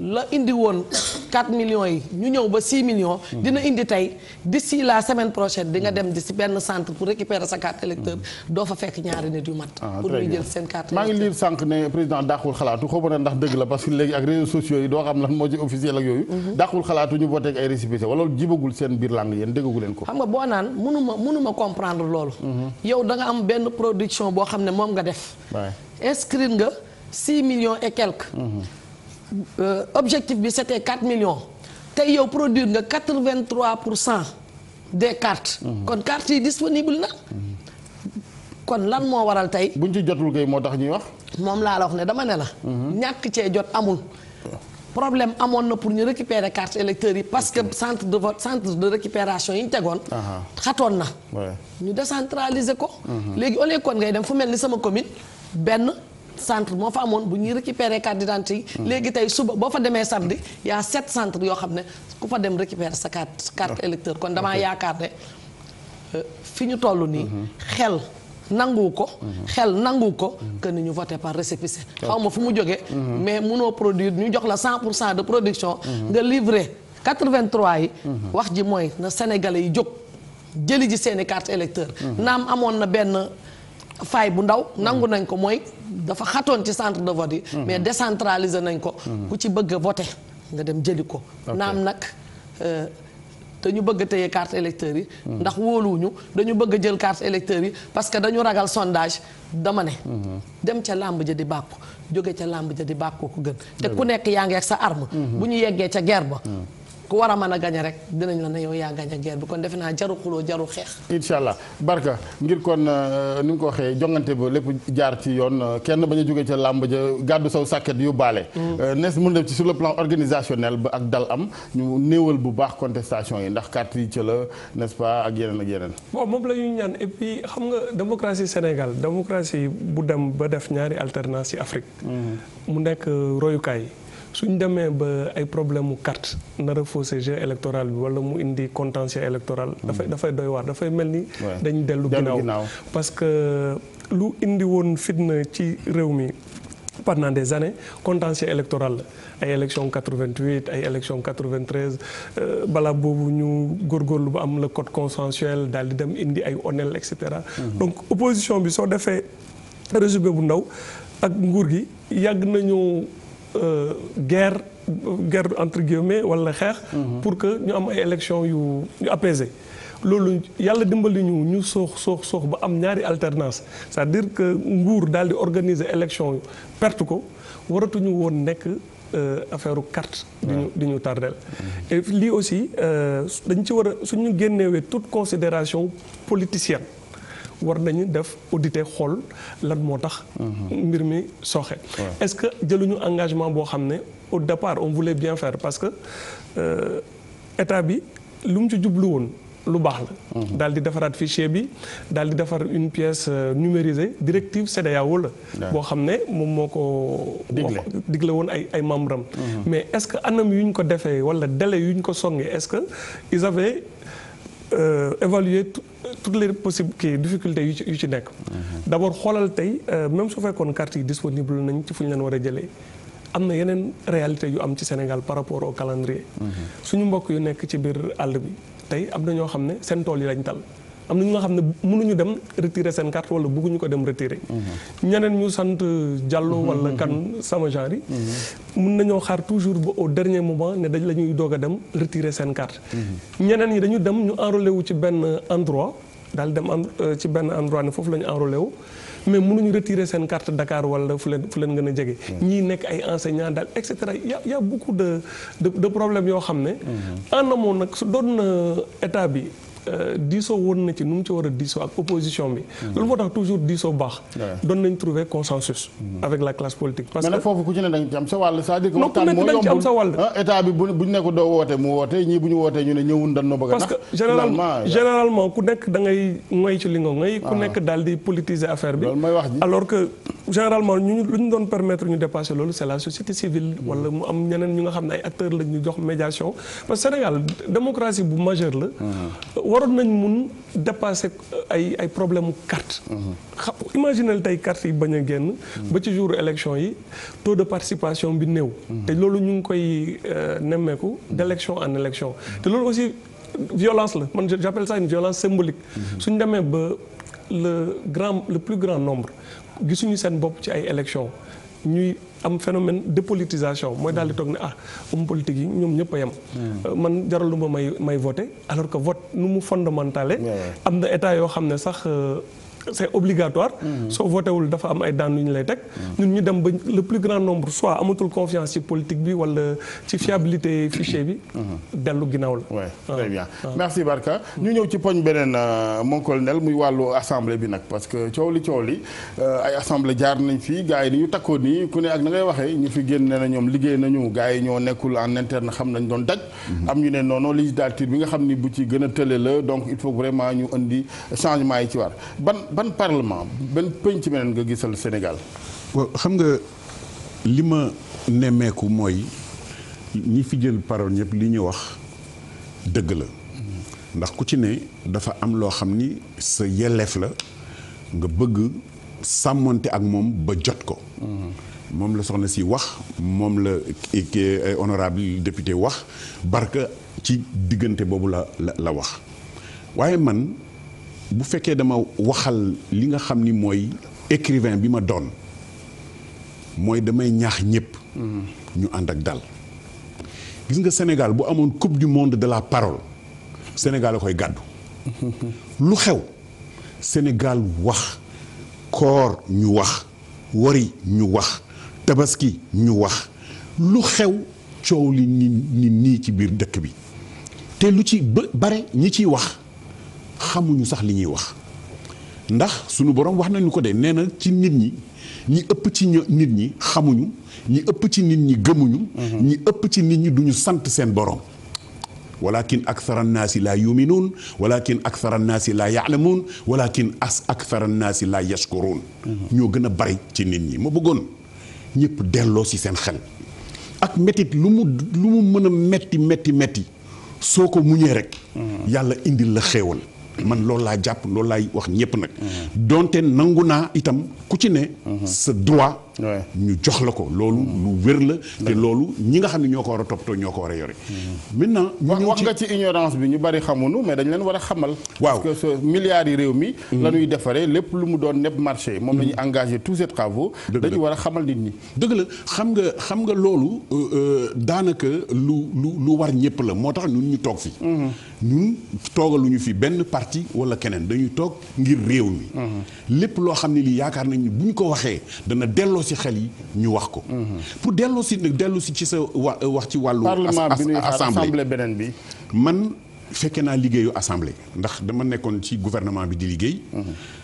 la indi woon 4 millions yi ñu ñëw ba 6 million hmm. dina indi tey d'ici la semaine prochaine di nga dem di si benn centre pour récupérer sa carte électeur hmm. doo fa fekk ñaari nit yu mat. Ah, pour ñu jël seen carte maa ngi liir sànq ne président dàqul xalaatu xaw na ndax dëgg la parce que léegi ak réseaux sociaux yi doo xam lan moo ci officiel ak yooyu. Hmm. dàqul xalaatu ñu voté ak ay récépissé wala jibagul seen biir làng yéen déggagu leen ko. xam nga boo naan da nga am benn production boo xam ne moom nga def. inscrire nga 6 millions et Euh, objectif bi c'était quatre millions tey yow produire nga trois pour cent des cartes. Mhm. kon cartes yi disponible na. kon lan moo waral tey. buñ ci jotul kay moo tax ñuy wax. moom laa la wax ne dama ne la. Mhm. ñàkk cee jot amul. problème amoon na pour ñu récupérer carte électeurs yi parce que centre de vote centre de récupération yi ñu tegoon. xatoon na. ñu décentraliser ko. Mhm. léegi au lieu kon ngay dem fu mel ni sama commune benn. centre moo fa amoon bu ñuy récupérer carte d'identité yi hmm. léegi tey suba boo fa demee samedi y'a sept centre yoo xam ne ku fa dem récupérer sa carte ah. carte électeur kon damaa yaakaar ne euh, fi ñu toll nii hmm. xel nangu ko hmm. xel nangu ko que ni ñu voté par récépissé xaw ma fu mu jógee mais munoo produire ñu jox la cent pour cent de production nga livré 83 yi wax ji mooy na sénégalais yi jóg jëli ji seeni carte électeur naam amoon na benn faay bu ndaw nangu nañ ko mooy dafa xatoon ci centre de vote yi mhm. mais décentraliser nañ ko mhm. ku ci bëgg a voter nga dem jëli ko naam nag te euh, ñu bëgg a téye carte électeur yi mhm. ndax wóoluwuñu dañu bëgg a jël carte électeur yi parce que dañu ragal sondage dama ne dem ca làmb ja di bàkku jóge ca làmb ja di bàkku ko gën te ku nekk yaa ngi ak sa arme bu ñu yeggee ca guerre ku war a mën a gañe rek dinañ la ne yow yaa gañe guerre bi kon defe naa jaru xuloo jaru xeex. incha allah barka ngir kon euh, ni ko waxee jongante ba lépp jaar ci yoon euh, kenn bañ a jógee ca làmb ja gàddu saw sàkket yu baale. Mm. Euh, nees mun dem ci sur le plan organisationnel ba ak dal am ñu néewal bu baax contestation yi ndax carte yi ca la n'est-ce pas ak yeneen ak yeneen. bon moom la ñuy ñaan et puis xam nga démocratie Sénégal démocratie bu dem ba def ñaari alternance ci Afrique. Mm. mu nekk royukaay. suñ demee ba ay problème mu carte nar a faussé bi wala mu indi contentieux électoral dafay hmm. dafay doy waar dafay mel ni dañ dellu ginnaaw parce que lu indi woon fitna ci réew mi pendant des années contentieux électoral la ay élection 88 ay élection euh, balaa boobu ñu góor góor lu ba am la code consensuel daal di dem indi ay onel et cetera. Hmm. donc opposition bi soo defee résumé bu ndaw ak nguur gi yàgg nañu. Euh, guerre guerre entre guillemets wala xeex. Mhm. pour que ñu am ay élections yu yu loolu yàlla dimbali ñu ñu soox soox soox ba am ñaari alternance cest dire que nguur daal di organiser élection yu perte ko waratuñu woon nekk euh, affaire carte. di ñu di ñu tardel. et lii aussi euh, dañ ci war a suñu génnewee toute considération politicienne. war nañu def auditer xool lan moo tax. mbir mi sooxe. est-ce que jëluñu engagement boo xam ne au départ on voulait bien faire parce que euh, état bi lu mu ci jublu woon. lu baax la. Mhm. daal di defaraat fichier bi daal di defar une pièce euh, numérisée directive CEDEAO la. boo xam ne moom moo ko. digle woon ay ay membres am. Mhm. mais est-ce que anam yu ñu ko defee wala délai yu ñu ko songee est-ce que ils Euh, évaluer toutes les possibles kii difficultés yu ci yu ci nekk. Mhm. d' abord xoolal tey euh, même su fekkoon carte yi disponible nañ ci fu leen war a jëlee am na yeneen réalité yu am ci Sénégal par rapport au calendrier. Mhm. suñu mbokk yu nekk ci biir àll bi tey am na ñoo xam ne seen tool yi lañ tal. am na ñu nga xam ne mënuñu dem retirer seen carte wala bëgguñu ko dem retirer. ñeneen ñu sant Diallo mhm. wala kan sama genre yi. mën mhm. nañoo xaar toujours ba au dernier moment ne dañ la ñuy doog a dem retirer seen carte. ñeneen yi dañu dem ñu enrôlé wu ci benn endroit daal dem euh, ci benn endroit ne foofu la ñu enrôlé wu. mais mënuñu retirer seen carte dakaar wala fu leen fu leen gën a jege. ñii nekk ay enseignants daal et cetera y' a y' a beaucoup de problèmes yoo xam ne. Mhm. en amont nag su euh, état bi. Euh, diisoo woon na ci nu mu ci war a diisoo ak opposition bi. Mm-hmm. loolu moo tax toujours diisoo baax. doon nañ trouver consensus. Mm-hmm. avec la classe politique. parce que foofu ku ci ne da nga sa wàll cest dire que moo yombul ah, état bi bu ñu bu ñu wootee ñu ne ñëwun dañ parce que généralement généralement ku nekk da ngoy ci li nga ngoy ku ah. nekk daal di politiser affaire bi. alors que généralement ñu lu ñu doon permettre ñu dépasser loolu c'est la société civile. wala mu am ñeneen ñu nga xam ne ay acteurs la ñu jox médiation parce que Sénégal démocratie bu majeure la. waroon nañ mun dépasser ay ay problème mu carte. xam imaginel tey carte yi bañ a génn. ba ci jour élection yi taux de participation bi néew. te loolu ñu ngi koy euh, nemmeeku d'élection en élection te loolu aussi violence la man j'appelle ça une violence symbolique. suñ demee ba le grand le plus grand nombre. gisuñu seen bopp ci ay élections ñuy am phénomène de mooy daal di toog ne ah homme politique yi ñoom ñëpp a yem. Hmm. Euh, man jaraluma may may voté alors que vote nu mu fondamentalé. am na état yoo xam ne sax. Euh, c'est obligatoire. Mm-hmm. soo votewul dafa am ay daan ñu lay teg. Mm-hmm. ñun ñu dem ba le plus grand nombre soit amatul confiance ci politique bi wala ci fiabilité fichier bi. Mm-hmm. dellu ginnaaw la. oui ah. très bien ah. merci Barka. ñu ñëw ci poñ beneen euh, mon colonel muy wàllu assemblée bi nag parce que coow li coow li euh, ay assemblée jaar nañ fii gars yi ni ñu takkoon nii ku ne ak na ngay waxee ñu fi génn ne na ñoom liggéey nañu gars yi ñoo nekkul en interne xam nañ doon daj. am ñu ne noonu législature bi nga xam ni bu ci gën a tële la donc il faut vraiment ñu indi changement yi ci war ban parlement ban ci meneen nga gisal Sénégal. waaw xam nga li ma nemmeeku mooy ñi fi jël parole ñëpp li ñu wax dëgg la ndax ku ci ne dafa am loo xam ni sa yelleef la nga bëgg sàmmonte ak moom ba jot ko. moom la soxna si wax moom la eh, honorable député wax barka ci diggante boobu la la la wax waaye man. bu fekkee dama waxal li nga xam ni mooy écrivain bi ma doon mooy damay ñaax ñépp mm-hmm. ñu ànd ak dal. gis nga Sénégal bu amoon coupe du monde de la parole Sénégal a koy gàddu. lu xew Sénégal wax koor ñu wax wari ñu wax tabaski ñu wax lu xew coow li ni nii ci biir dëkk bi te lu ci ba bare ñi ciy wax. xamuñu sax li ñuy wax ndax sunu borom wax nañu ko de nee na ci nit ñi ñi ëpp ci nit ñi xamuñu ñi ëpp ci nit ñi gëmuñu mhm. ñi ëpp ci nit ñi duñu sant seen borom walakin akthara annaasi laa yuminuun walakin akthara annaasi laa yaalamuun walakin ak akthara annaasi laa yashkuruun mhm. ñoo gën a bari ci nit ñi ma bëggoon ñëpp delloo ci seen xel ak métit lu mu lu mu mën a metti metti metti soo ko mu muñee rek mhm. yàlla indi la xéewal man loolu laa jàpp loolu laay wax ñëpp nag. donte nangu naa itam ku ci ne. Mhm. sa droit. ñu jox la ko loolu mm. lu wér la te loolu ñi nga xam ne ñoo ko war a toppatoo ñoo ko war a yore mm. maintenant ñu wax nga ci ignorance bi ñu bari xamunu mais dañ leen war a xamal waaw parce que yi réew mi mm. la ñuy defaree lépp lu mu doon nepp marché moom la ñuy engagé tous ces travaux dañu war a xamal nit ñi dëgg la xam nga xam nga loolu euh, euh, daanaka lu lu lu war ñëpp la moo tax ñun ñu toog fi mm-hmm. ñun toogaluñu fi benn parti wala keneen dañu toog ngir réew mi mm-hmm. lépp loo xam ne lii yaakaar nañ bu ñu ko waxee dana delloo ci xel yi ñu wax ko. pour dellu si dellu si ci sa wa wax ci wàllu. assemblée beneen bi man fekke naa liggéeyu assemblée ndax dama nekkoon ci gouvernement bi di liggéey.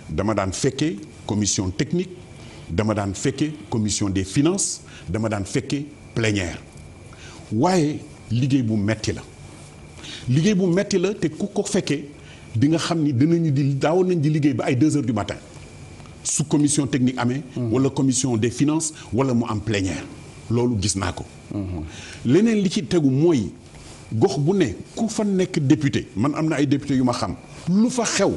dama daan fekke commission technique dama daan fekke commission des finances dama daan fekke plénière waaye liggéey bu metti la liggéey bu metti la te ku ko fekkee di nga xam ni dinañu di daawoon nañ di liggéey ba ay deux heures du matin. su commission technique amee. Mm-hmm. wala commission des finance wala mu am plénière loolu gis naa ko. Mm-hmm. leneen li ci tegu mooy gox bu ne ku fa nekk député man am na ay député yu ma xam lu fa xew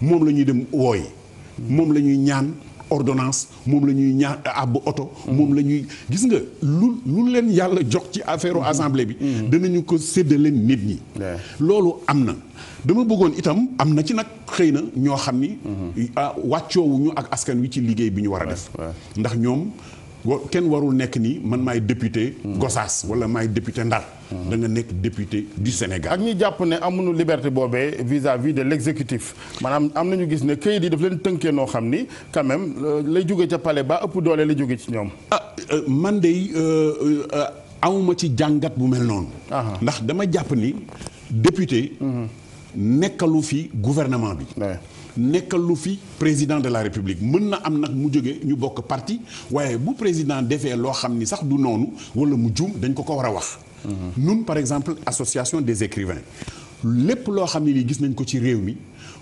moom la ñuy dem wooy mm-hmm. moom la ñuy ñaan. ordonnance moom la ñuy ñaa àbb oto moom la ñuy gis nga lu lu leen yàlla jox ci affaire mm-hmm. assemblée bi mm-hmm. danañu ko séddale nit ñi loolu am na dama bëggoon itam am na ci nag xëy na ñoo xam ni mm-hmm. ah, wàccoowuñu ak askan wi ci liggéey bi ñu war a def ndax ñoom kenn warul nekk ni man maay député Gossas wala maay député Ndar da nga nekk député du Sénégal ak ñi jàpp ne amuñu liberté boobee vis-à-vis de l'exécutif maanaam am nañu gis ne këyit yi daf leen tënkee noo xam ni quand même euh, lay jóge ca palais ba ëpp doole la jóge ci ñoom ah euh, man de euh, amuma ci jàngat bu mel noonu ndax dama jàpp ni député mhm. nekkalu fi gouvernement bi nekkalu fi président de la république mën na am nag mu jóge ñu bokk parti waaye bu président defee loo xam ni sax du noonu wala mu juum dañ ko ko war a wax. nun par exemple association des écrivains lépp loo xam ne lii gis nañ ko ci réew mi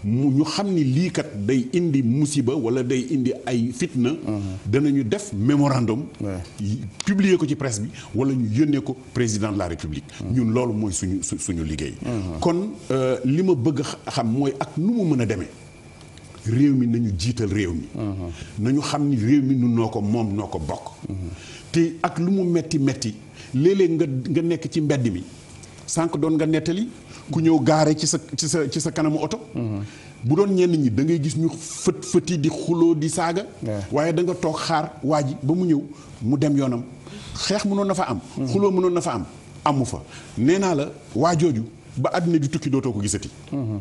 mu ñu xam ni lii kat day indi musiba wala day indi ay fitna. danañu def mémorandum. publier ko ci presse bi wala ñu yénnee ko président de la république. Mm. ñun loolu mooy suñu suñu liggéey. Mm-hmm. kon euh, li ma bëgg xam ak nu mu mën a demee. réew mi nañu jiital réew mi uh-huh. nañu xam ni réew mi nu noo ko moom noo ko bokk uh-huh. te ak lu mu metti metti léeg-léeg nga nga nekk ci mbedd mi sànq doon nga nettali ku ñëw gaare ci sa ci sa ci sa kanamu oto uh-huh. bu doon ñenn ñi dangay gis ñu fët fëti di xuloo di saaga waaye danga toog xaar waa ji ba mu ñëw mu dem yoonam xeex mënoon na fa am mm-hmm. xuloo mënoon na fa am amu fa nee naa la waa jooju ba àddina di tukki dootoo ko gisati mm-hmm.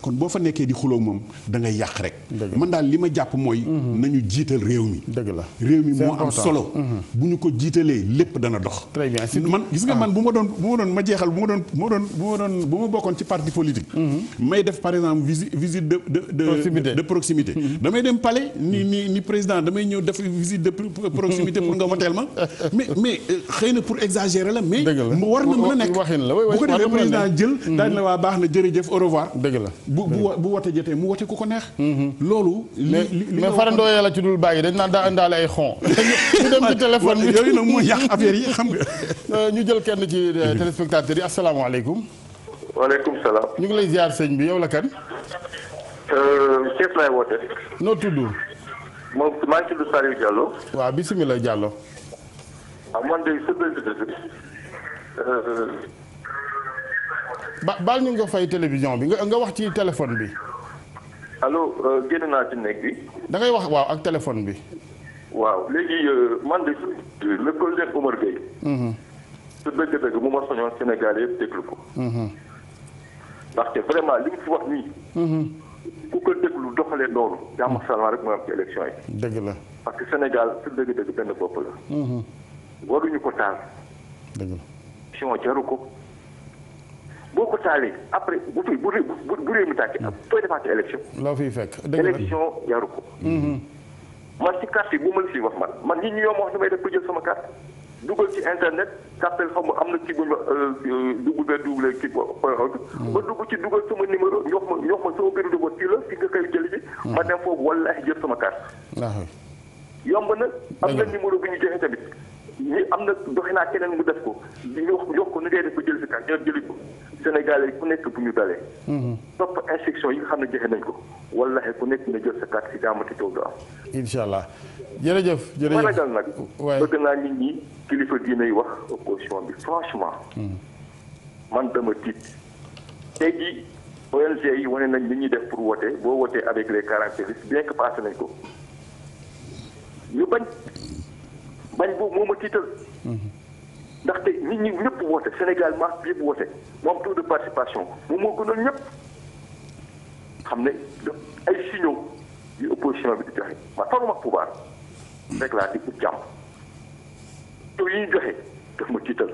kon boo fa nekkee di xuloo moom danga ngay yàq rek. man daal li ma jàpp mooy. Mhm. nañu jiital réew mi. dëgg la réew mi moo am solo. Mhm. bu ñu ko jiitalee lépp dana dox. très bien man gis nga ah. man bu ma doon bu ma doon ma jeexal bu ma doon bu ma doon bu ma doon bu ma bokkoon ci parti politique. Mhm. may def par exemple visite visite de de damay dem palais ni ni ni président damay ñëw def visite de proximité pour nga woteel ma mais mais euh, xëy na pour exagérer la mais. war na mën a nekk bu ko defee président jël. daañu la waa baax na jërëjëf au revoir. la. bu hmm. bu wote jotee mu wote ku ko neex. Hmm. loolu. li li mais farandoo yàlla ci dul bàyyi dañ naan daa indaale ay xon. ñu dem ci téléphone yi xam nga. Euh, ñu jël kenn ci euh, téléspectateurs yi asalaamaaleykum. salaam. ñu ngi lay ziar sëñ bi yow la kan. Euh, Thiès laay woote. noo tudd. waa maa ngi tudd Saliou Diallo. bisimilah Diallo. Ah, ba baal ñu nga fay télévision bi nga wax ci téléphone bi. allo euh, génn naa ci nekk bi. da wax waaw ak téléphone bi. waaw léegi euh, man de euh, le colonel su mm-hmm. dëgg-dëgg mu ma soñoon Sénégal yëpp déglu ko. Mm-hmm. ndaxte vraiment li mu fi wax nii. Mm-hmm. ku ko déglu doxalee noonu. jàmm salaam rek mooy am ci élection yi. dëgg la parce que Sénégal su dëgg-dëgg benn bopp la. waruñu ko taal. dëgg la. jaru ko. boo ko taalee après bu fi bu bu bu réew mi tàkkee hmm. fooy defaat élection. loo fiy fekk dëgg la yaru ko. Hmm. man ci carte bu ma la siy wax man man ñi ñu yoom wax damay def ko jël sama carte dugal ci internet kàppel xam nga am na ci bu ñu euh, euh, dugg ba double kii ba hmm. dugg ci dugal sama numéro ñox ma ñox ma sama bureau de vote kii fi nga koy jël ji ma dem foofu wallaahi jël sama carte. Ah yomb na am na numéro bu ñu joxe tamit. li am na doxi naa keneen mu def ko li wax yokk ko ni ngay def ba jël si kan ñoom jëli ko Sénégalais ku nekk bu ñu dalee. Mhm. topp instruction yi nga xam ne joxe nañ ko wallahi ku nekk na jël sa carte si jaamati taw du am. incha allah jërëjëf. jërëjëf managal nag. waaye bëgg nit ñi kilifa diine yi wax opposition bi franchement. Mhm. man dama tiit tey jii ONG yi wane nañ li ñuy def pour woote boo wootee avec les caractéristiques bien que passé nañ ko ñu bañ bañ boobu moo ma tiital. ndaxte nit ñi ñëpp woote Sénégal maas bi yëpp woote mu am taux de participation moom moo gënoon ñëpp xam ne ay signaux yu opposition bi di joxe ma faruma pouvoir rek laa di ut jàmm taux yi ñu joxe daf ma tiital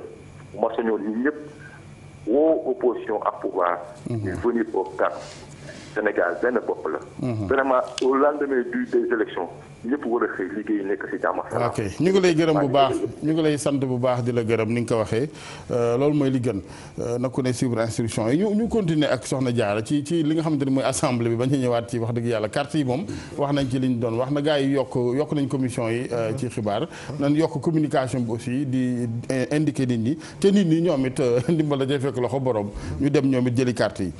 ma soñoon ñi ñëpp woo opposition ak pouvoir. ñu mhm. venir au cadre. Sénégal benn bopp la. Mhm. vraiment au lendemain du des élections ñëpp war a xëy liggéey nekk ci jàmm ok ñu ngi lay gërëm bu baax ñu ngi lay sant bu baax di la gërëm ni nga ko waxee euh, loolu mooy li gën euh, na ku ne suivre instruction yi ñu ñu ak soxna Diarra ci ci li nga xam xamante ni mooy assemblée bi ba ñu ñëwaat ci wax dëgg yàlla kart yi moom wax nañ ci liñ doon wax na gaa yi yokk yokk nañ commission yi euh, ci xibaar nan yokk communication bi aussi di indiquer nit te nit ñi ñoom it ndimbal la jay fekk loxo borom ñu dem ñoom it jëli carte yi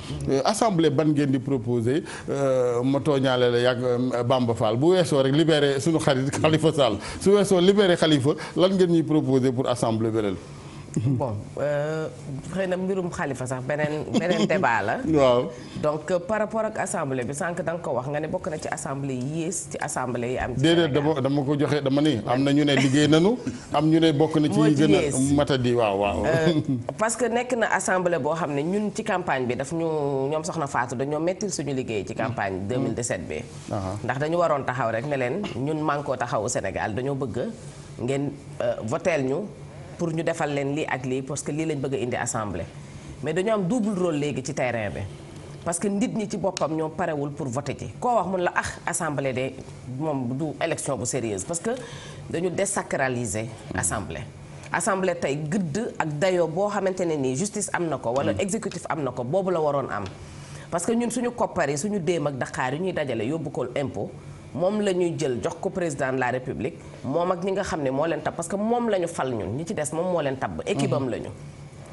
proposé euh, ma tooñaale la yàgg euh, Bamba Fall bu weesoo rek libéré suñu xarit Khalifa Sall su weesoo libéré xalifa lan ngeen ñuy proposé pour assemblée beneen bon euh, xëy na mbirum xalifa sax beneen beneen débat la. waaw donc euh, par rapport ak assemblée bi sànq da ko wax nga ne bokk na ci assemblée yi yées ci assemblée yi am. ci déedéet dama dama ko joxe dama ni am na ñu ne liggéey nanu am ñu ne bokk na ci. gën a matadi waaw waaw. Euh, parce que nekk na assemblée boo xam ne ñun ci campagne bi daf ñu ñoom soxna Fatou dañoo mettil suñu liggéey ci campagne 2017 mm-hmm. bi. Uh-huh. ndax dañu waroon taxaw rek ne leen ñun Manko Taxawu Sénégal dañoo bëgg ngeen voteel ñu. pour ñu defal leen lii ak lii parce que lii lañ bëgg a indi assemblée mais dañu am double rôle léegi ci terrain bi parce que nit ñi ci boppam ñoo parewul pour voter ci koo wax mun la ah assemblée de moom du élection bu sérieuse parce que dañu désacraliser hmm. assemblée assemblée tey gëdd ak dayoo boo xamante ne nii justice am na ko wala hmm. exécutif am na ko boobu la waroon am parce que ñun suñu koppar suñu dém ak daqaar yu ñuy dajale yóbbu ko impôt moom la ñuy jël jox ko président de la république moom ak ñi nga xam ne moo leen tab parce que moom lañu ñu fal ñun ñi ci des moom moo leen tabb équipe am ñu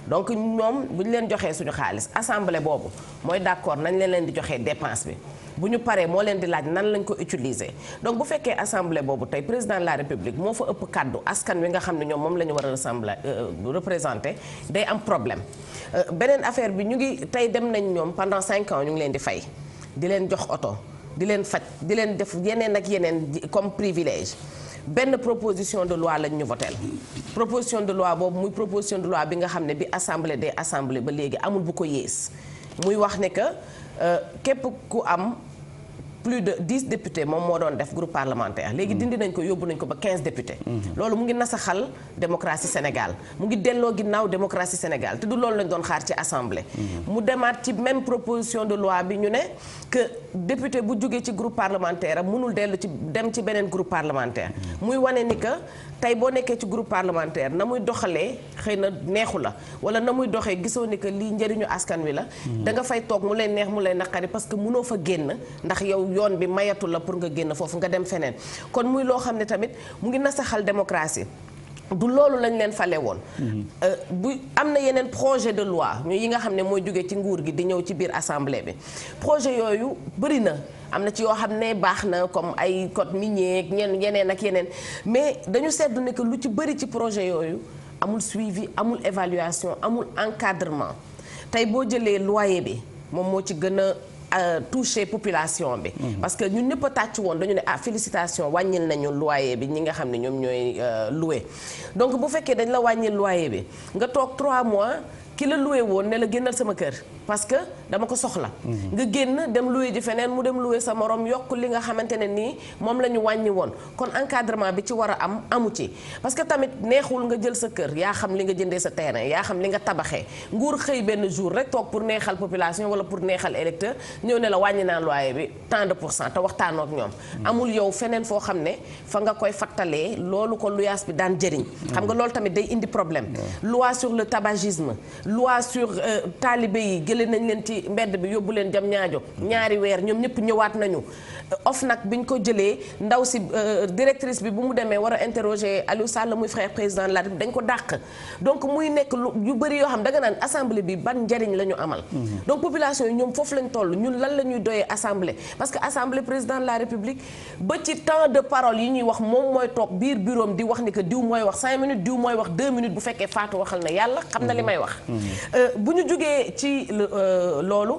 donc ñoom bu ñu leen joxee suñu xaalis assemblée boobu mooy d'accord nañ leen leen di joxee dépense bi bu ñu paree moo leen di laaj nan lañ ko utiliser donc bu fekkee assemblée boobu tey président de la république moo fa ëpp kàddu askan wi nga xam ne ñoom moom lañu ñu war a rassembler euh, représenter day am problème euh, beneen affaire bi ñu ngi tey dem nañ ñoom pendant cinq ñu ngi leen di fay di jox oto di leen faj di leen def yeneen ak yeneen comme privilège benn proposition de loi lañ ñu voteel proposition de loi boobu muy proposition de loi bi nga xam ne bi assemblée des assemblées ba léegi amul bu ko yées muy wax ne que euh, képp ku am plus de dix députés moom moo doon def groupe parlementaire léegi dindi nañ ko yóbbu nañ ko ba quinze députés mhm. loolu mu ngi nasaxal démocratie Sénégal mu ngi delloo ginnaaw démocratie Sénégal te du loolu lañ doon xaar ci assemblée mhm. mu demaat ci même proposition de loi bi ñu ne que député bu jógee ci groupe parlementaire am mënul dellu ci dem ci beneen groupe parlementaire mhm. muy wane ni que tey boo nekkee ci groupe parlementaire na muy doxalee xëy na neexu la wala na muy doxee gisoo ni que lii njëriñu askan wi la. Mm-hmm. da nga fay toog mu lay neex mu lay naqari parce que mënoo fa génn ndax yow yoon bi mayatu la pour nga génn foofu nga dem feneen kon muy loo xam ne tamit mu ngi nasaxal démocratie. du loolu lañ leen fale woon mm-hmm. euh, bu am na yeneen projet de loi yi nga xam ne mooy jógee ci nguur gi di ñëw ci biir assemblée bi projet yooyu bëri na am na ci yoo xam ne baax na comme ay code minier ñen yeneen ak yeneen mais dañu sedd ne que lu ci bëri ci projet yooyu amul suivi amul évaluation amul encadrement tey boo jëlee loyer bi moom moo ci gën a euh, toucher population bi. Mm-hmm. parce que ñun ñëpp a tàcc woon dañu ne ah félicitation wàññil nañu loyer bi ñi nga xam ne ñoom ñooy euh, loué donc bu fekkee dañ la wàññil loyer bi nga toog trois mois. ki la loué woon ne la génnal sama kër parce que dama ko soxla. Mhm. nga génn dem loué ji feneen mu dem loué sa morom yokk li nga xamante ne nii moom la ñu wàññi woon kon encadrement bi ci war a am amu ci. parce que tamit neexul nga jël sa kër yaa xam li nga jëndee sa terrain yaa xam li nga tabaxee nguur xëy benn jour rek toog pour neexal population wala pour neexal électeur ñëw ne la wàññi naa bi tant pour cent te waxtaanoo ñoom. Mhm. amul yow feneen foo xam ne fa nga koy fattalee loolu ko luyaas bi daan jëriñ. Mhm. xam nga loolu tamit day indi problème. loi sur le tabagisme. loi sur euh, taalibe yi jëlee nañ leen ci mbedd bi yóbbu leen jam ñaajo ñaari weer ñoom ñëpp ñëwaat nañu euh, OFNAC bi ñu ko jëlee ndaw si euh, directrice bi bu mu demee war a interroger Aliou Sall muy frère président de la République dañ ko dàq donc muy nekk lu yu bëri yoo xam da nga naan bi ban njariñ la ñu amal mhm. donc population yi ñoom foofu lañ toll ñun lan la ñuy doyee assemblée parce que assemblée président de la République ba ci temps de parole yi ñuy wax moom mooy toog biir bureau di wax ni que mooy wax cinq minutes diw mooy wax deux minutes bu fekkee Fatou waxal na yàlla xam na li may wax mhm. Euh, bu ñu jógee ci euh, loolu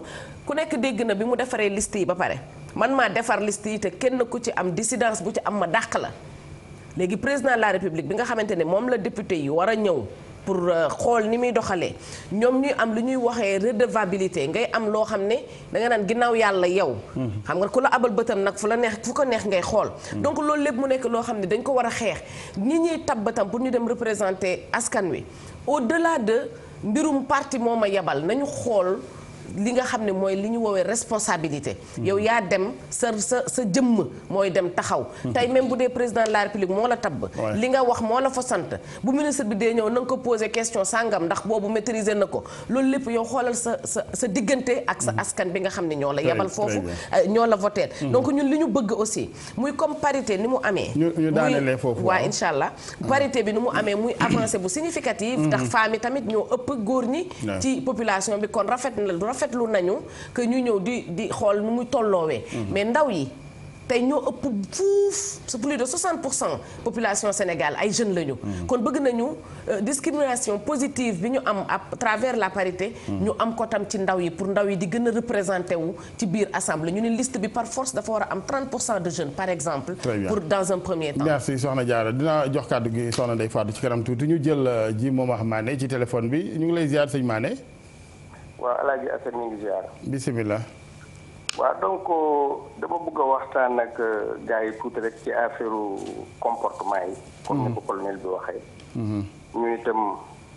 ku nekk dégg na bi mu defaree liste yi ba pare man maa defar liste yi te kenn ku ci am dissidence bu ci am ma dàq la léegi président la république bi nga xamante ne moom la député yi war a ñëw pour euh, xool ni muy doxalee ñoom ñuy am lu ñuy waxee redevabilité ngay am loo xam ne da nga naan ginnaaw yàlla yow. xam nga ku la abal bëtam nag fu la neex fu ko neex ngay xool. donc loolu lépp mu nekk loo xam ne dañ ko war a xeex ñi ñuy tab bëtam pour ñu dem représenter askan wi mbirum partie mooma yebal nañu xool li nga xam ne mooy li ñu woowee responsabilité. yow yaa dem sa sa sa jëmm mooy dem taxaw. tey même bu dee président de la république moo la tab li nga wax moo la fa sant bu ministre bi dee ñëw nan ko posé question sàngam ndax boobu maîtriser na ko loolu lépp yow xoolal sa sa sa diggante ak sa mm-hmm. askan bi nga xam ne ñoo la yebal foofu euh, ñoo la voté. Mm-hmm. donc ñun li ñu bëgg aussi muy comme parité ni mu amee. ñu ñu foofu waaw incha allah mm-hmm. parité bi ni mu amee muy avancé bu significative. ndax femmes yi tamit ñoo ëpp góor ñi. ci population bi kon rafet na rafetlu nañu que ñu ñëw di di xool nu muy tolloowee mhm. mais ndaw yi tey ñoo ëpp fuuf c'est plus de 60 pour cent population Sénégal ay jeunes lañu. Mhm. kon bëgg nañu euh, discrimination positive bi ñu am à travers la parité. Mhm. ñu am ko tam ci ndaw yi pour ndaw yi di gën a wu ci biir assemblée ñu ne liste bi par force dafa war a am 30 pour de jeunes par exemple. pour dans un premier temps. merci soxna Diarra dinaa jox kàddu gi soxna Ndeye Fatou ci kanam tuuti ñu jël ji moom wax Mané ci téléphone bi ñu ngi lay ziar waaw El ji Assane ñu ngi ziar. bisimilah. waaw donc dama bëgg a waxtaan ak euh, gars yi tuuti rek ci affaire comportement yi. comme ni mhm. ko colonel bi waxee. Mhm. ñu itam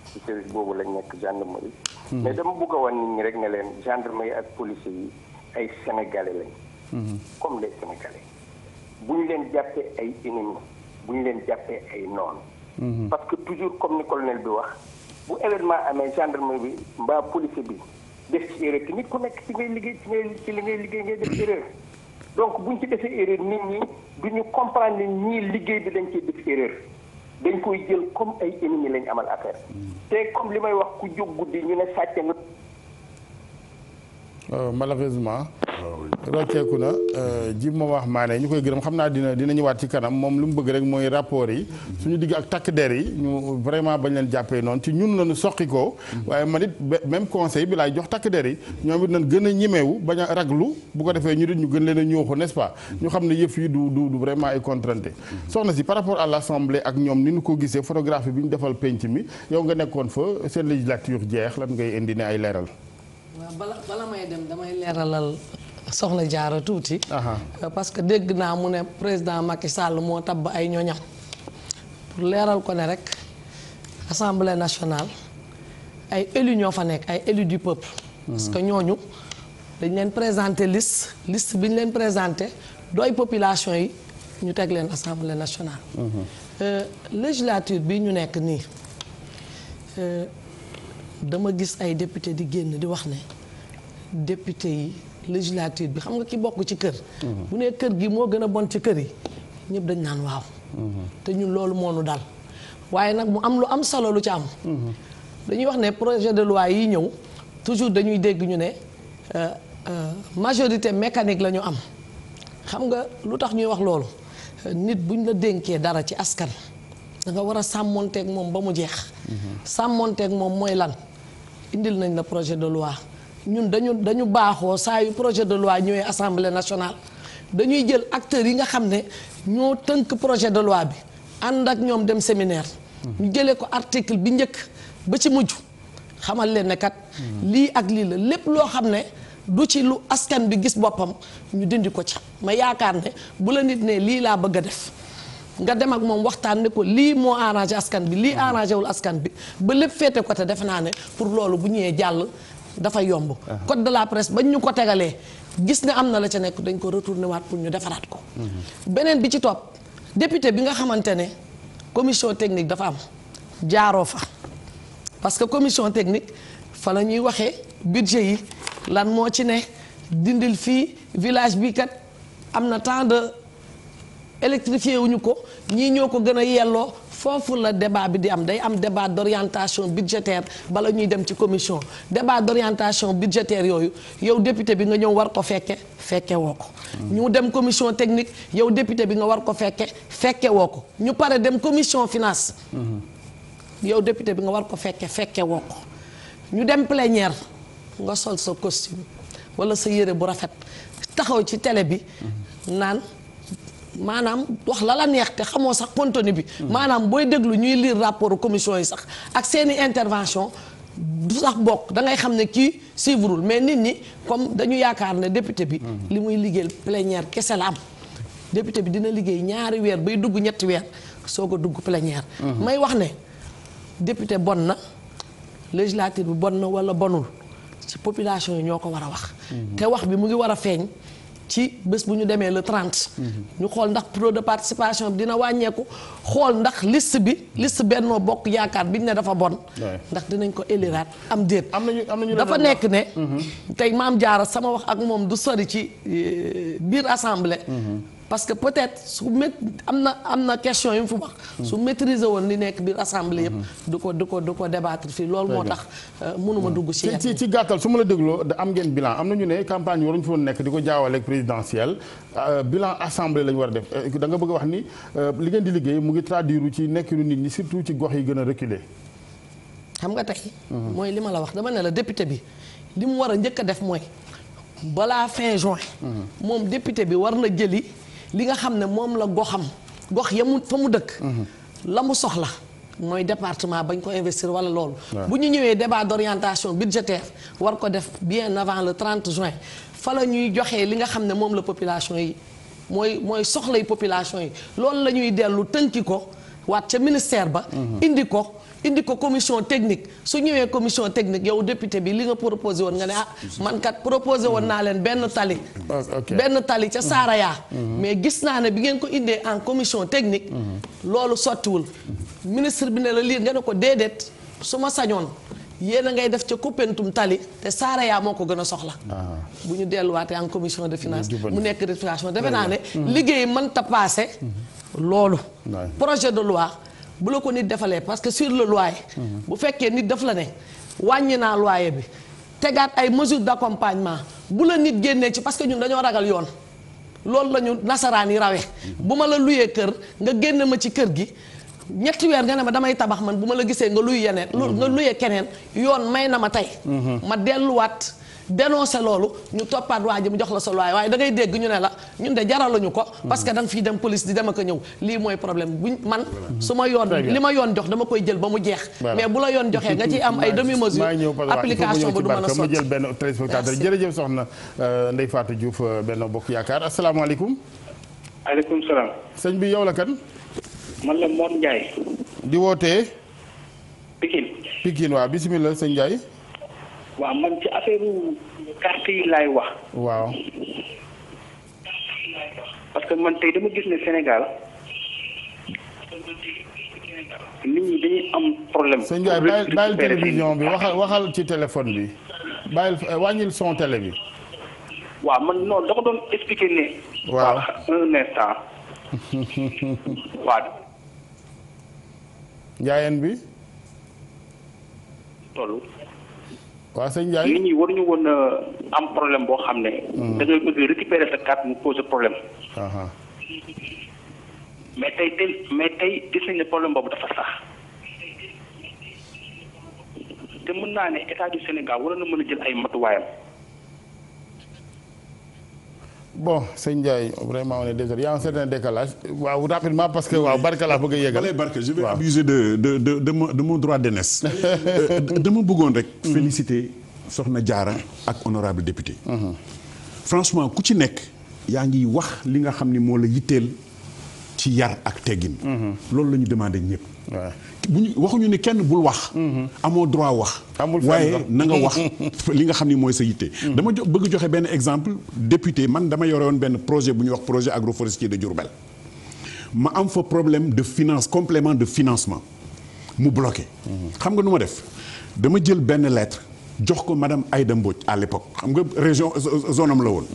ci service boobu lañ nekk gendarmerie. Mhm. mais dama bëgg a wan nit ñi rek ne leen gendarmerie ak policiers yi ay sénégalais lañ. comme les sénégalais bu ñu leen jàppee ay ennemis bu ñu leen jàppee ay noon parce que toujours comme ni colonel bi wax. bu événement amee gendarme bi mbaa policier bi def ci erreur te nit ku nekk ci ngay liggéey ci ngay ci li ngay liggéey ngay def erreur donc buñ ci defee erreur nit ñi du ñu comprendre ne ñii liggéey bi dañ ciy def erreur dañ koy jël comme ay ennemis lañ amal affaire te comme li may wax ku jóg guddi ñu ne sàcc nga Euh, malheureusement ah rocceeku na euh, ji ma wax maane ñu koy gërëm xam naa dina dina ñëwaat ci kanam moom lu mu bëgg rek mooy rapport yi suñu digg ak takk der yi ñu vraiment bañ leen jàppee noonu ci ñun lañu soqi ko waaye man it même conseil bi laay jox takk der yi ñoom it nañ gën a ñimeewu bañ a raglu bu ko defee ñu dit ñu gën leen a ñooxu n'est-ce pas ñu xam ne yëf yi du du du vraiment ay contrainte soxna si par rapport à l'assemblée ak ñoom ni ñu ko gisee photographie bi ñu defal penc mi yow nga nekkoon fa seen législature jeex lan ngay indi ay leeral waaw bala bala may dem damay leeralal soxna jaara tuuti. Euh, parce que dégg naa mu ne président Macky Sall moo tabb ay ñoñam. pour leeral ko ne rek assemblée nationale ay élus ñoo fa nekk ay élus du peuple. Mhm. parce que ñooñu dañ leen présenté liste liste bi ñu leen présenté dooy population yi ñu teg leen assemblée nationale. Mhm. Euh, législature bi ñu nekk nii. Euh, dama gis ay député di génn di wax ne député yi législature bi xam nga ki bokk ci kër. Mhm. bu nee kër gi moo gën a bon ci kër yi ñëpp dañ naan waaw. Mhm. te ñun loolu moo nu dal waaye nag mu am lu am solo lu ci am. Mhm. dañuy wax ne projet de loi yi ñëw toujours dañuy dégg ñu ne euh, euh, majorité mécanique la ñu am xam nga lu tax ñuy wax loolu nit buñ la dénkee dara ci askan. da nga war a sàmmonteeg moom ba mu jeex. sàmmonteeg moom mooy lan. indil nañ la projet de loi ñun dañu dañu baaxoo saayu projet de loi ñëwee assemblée nationale dañuy jël acteurs yi nga xam ne ñoo tënk projet de loi bi ànd ak ñoom dem séminaire. ñu jëlee ko article bi njëkk ba ci mujj xamal leen ne kat. lii ak lii la lépp loo xam ne. du ci lu askan bi gis boppam ñu dindi ko ca ma yaakaar ne bu la nit ne lii laa bëgg a def nga dem ak moom waxtaan ne ko lii moo arrangé askan bi lii arrangé wul askan bi ba lépp féete côté defe naa ne pour loolu bu ñëwee jàll dafa yomb. Uh-huh. code de la presse bañ ñu ko tegalee gis ne am na la ca nekk dañ ko retourné waat pour ñu defaraat ko. Uh-huh. beneen bi ci topp député bi nga xamante ne commission technique dafa am jaaroo fa parce que commission technique fa la ñuy waxee budget yi lan moo ci ne dindil fii village bi kat am na temps de. électrifié wuñu ko ñii ñoo ko gën a yelloo foofu la débat bi di am day am débat d'orientation budgétaire bala ñuy dem ci commission débat d'orientation budgétaire yooyu yow député bi nga ñëw war ko fekke fekke woo ko ñu dem commission technique yow député bi nga war ko fekke fekke woo ko ñu pare dem commission finance yow député bi nga war ko fekke fekke woo ko ñu dem plénière nga sol sa costume wala sa yére bu rafet taxaw ci télé bi naan maanaam wax la neex te xamoo sax contenu bi. maanaam booy déglu ñuy liir rapport commission yi sax ak seeni intervention du sax bokk da ngay xam ne kii suivrul mais nit ñi comme dañu yaakaar ne député bi. Mhm. li muy liggéey plénière kese la am. député bi dina liggéey ñaari weer bay dugg ñetti weer soog a dugg plénière. Mhm. may wax ne député bon na législature bi bon na wala bonul si population yi ñoo ko war a wax. Mhm. te wax bi mu ngi war a feeñ. ci bés bu ñu demee le trente ñu xool ndax pro de participation bi dina wàññeeku xool ndax liste bi liste Benno Bokk Yaakaar biñ ne dafa bon. ndax dinañ ko éliraat am déet. am nañu am nañu dafa nekk ne. Mhm. tey maam jaara sama wax ak moom du sori ci euh, biir assemblée. Mhm. parce que peut-être su mét am na am na question yu mu fi wax. su hmm. maîtriser woon li nekk bi assemblée yëpp. Hmm. du ko du ko du ko débattre fii loolu moo tax. Euh, mënuma dugg si ci ci gàttal su ma la dégloo am ngeen bilan am na ñu ne campagne waruñu fi woon nekk di ko jaawaleeg présidentielle euh, bilan assemblée lañu war a def euh, da nga bëgg wax ni li ngeen di liggéey mu ngi traduire ci nekkinu nit ñi surtout ci gox yi gën a reculé. xam nga tey. Hmm. mooy li ma la wax dama ne la député bi li mu war a njëkk a def mooy balaa fin juin. moom député bi war na jëli. li nga xam ne moom la goxam gox ya mu fa mu dëkk. Mhm. la mu soxla. mooy département bañ ko investir wala loolu. bu ñu ñëwee débat orientation budgétaire war ko def bien navant le trente juin fa la ñuy joxee li nga xam ne moom la population yi mooy mooy soxlay population yi loolu la ñuy dellu tënki ko wat ca ministère ba. Mhm. indi ko. indi ko commission technique su ñëwee commission technique yow député bi li nga proposé woon nga ne ah man kat proposé woon naa leen benn tali benn tali ca mm-hmm. Saraya mm-hmm. mais gis naa ne bi ngeen ko indee en commission technique mm-hmm. loolu sottiwul ministre bi ne la lii nga ne ko déedéet su ma sañoon yéen a ngay def ca Koupentoum tali te Saraya moo ko gën a soxla ah. bu ñu delluwaatee en commission de finance mu nekk rectification defe naa ne liggéey mënta paase loolu de loi bu la ko nit defalee parce que sur le loyer. bu fekkee nit daf la ne wàññi naa loyer bi tegaat ay mesures d'accompagnement bu la nit génnee ci parce que ñun dañoo ragal yoon. loolu la ñu nasaraan yi rawee bu ma la luyee kër nga génn ma ci kër gi ñetti weer nga ne ma damay tabax man bu ma la gisee nga luy yeneen. nga luyee keneen yoon may na ma tey. Mhm. ma delluwaat. dénoncé loolu ñu toppaat waa ji mu jox la sa waaye da ngay dégg ñu ne la ñun de jaraluñu ko parce que da nga fiy dem police di dem ak ñëw lii mooy problème bu man su ma yoon li ma yoon jox dama koy jël ba mu jeex mais bu la yoon joxee nga ciy am ay demi mesure application ba du mën a sotti ma jël benn téléspectateur jërëjëf soxna euh, Ndeye Fatou Diouf euh, Benno Bokk Yaakaar asalaamaaleykum aleykum salaam sëñ bi yow la kan man la Mor Ndiaye di wootee Pikine Pikine waaw bismillah sëñ Ndiaye waa man ci affaire carte yi laay wax. waaw. parce que man tey dama gis ne Sénégal nit ñi dañuy am problème. sëñ Ndiaye bàyyil bàyyil télévision bi waxal waxal ci téléphone bi bàyyil wàññil son télé bi. waaw man non da doon expliquer ne. waaw njaayeen bi. waa sëñ Ndiaye nit ñi waruñu woon euh, am problème boo xam ne. Hmm. da ngay bëgg récupérer sa carte mu pose problème. mais tey tey mais tey gis nañ problème boobu dafa sax. te mën naa ne état du Sénégal waroon na mën a jël ay matuwaayam. bon sëñ Ndiaye vraiment on est désolé y décalage waaw rapidement parce que waaw Barka laa bëgg a yeggal. waaw Barka je vais abuser de de de de mon, de mon droit euh, dama bëggoon rek. Mhm. féliciter Soxna Diarra ak honorable député. Mhm. franchement ku ci nekk. yaa ngi wax li nga xam ni moo la yitteel ci yar ak teggin. Mhm. loolu lañu ñu demandé bu ñu waxuñu ni kenn bul wax. Mhm. amoo droit wax. waaye na nga wax li nga xam ni mooy sa yitte. Mhm. dama jo bëgg joxe benn exemple député man dama yore woon benn projet bu ñuy wax projet agroforestier de Diourbel ma am fa problème de finance complément de financement mu bloqué. Mhm. xam nga nu ma def dama jël benn lettre. jox ko madame Aïda Mbodj à l'époque xam nga région zone am la woon.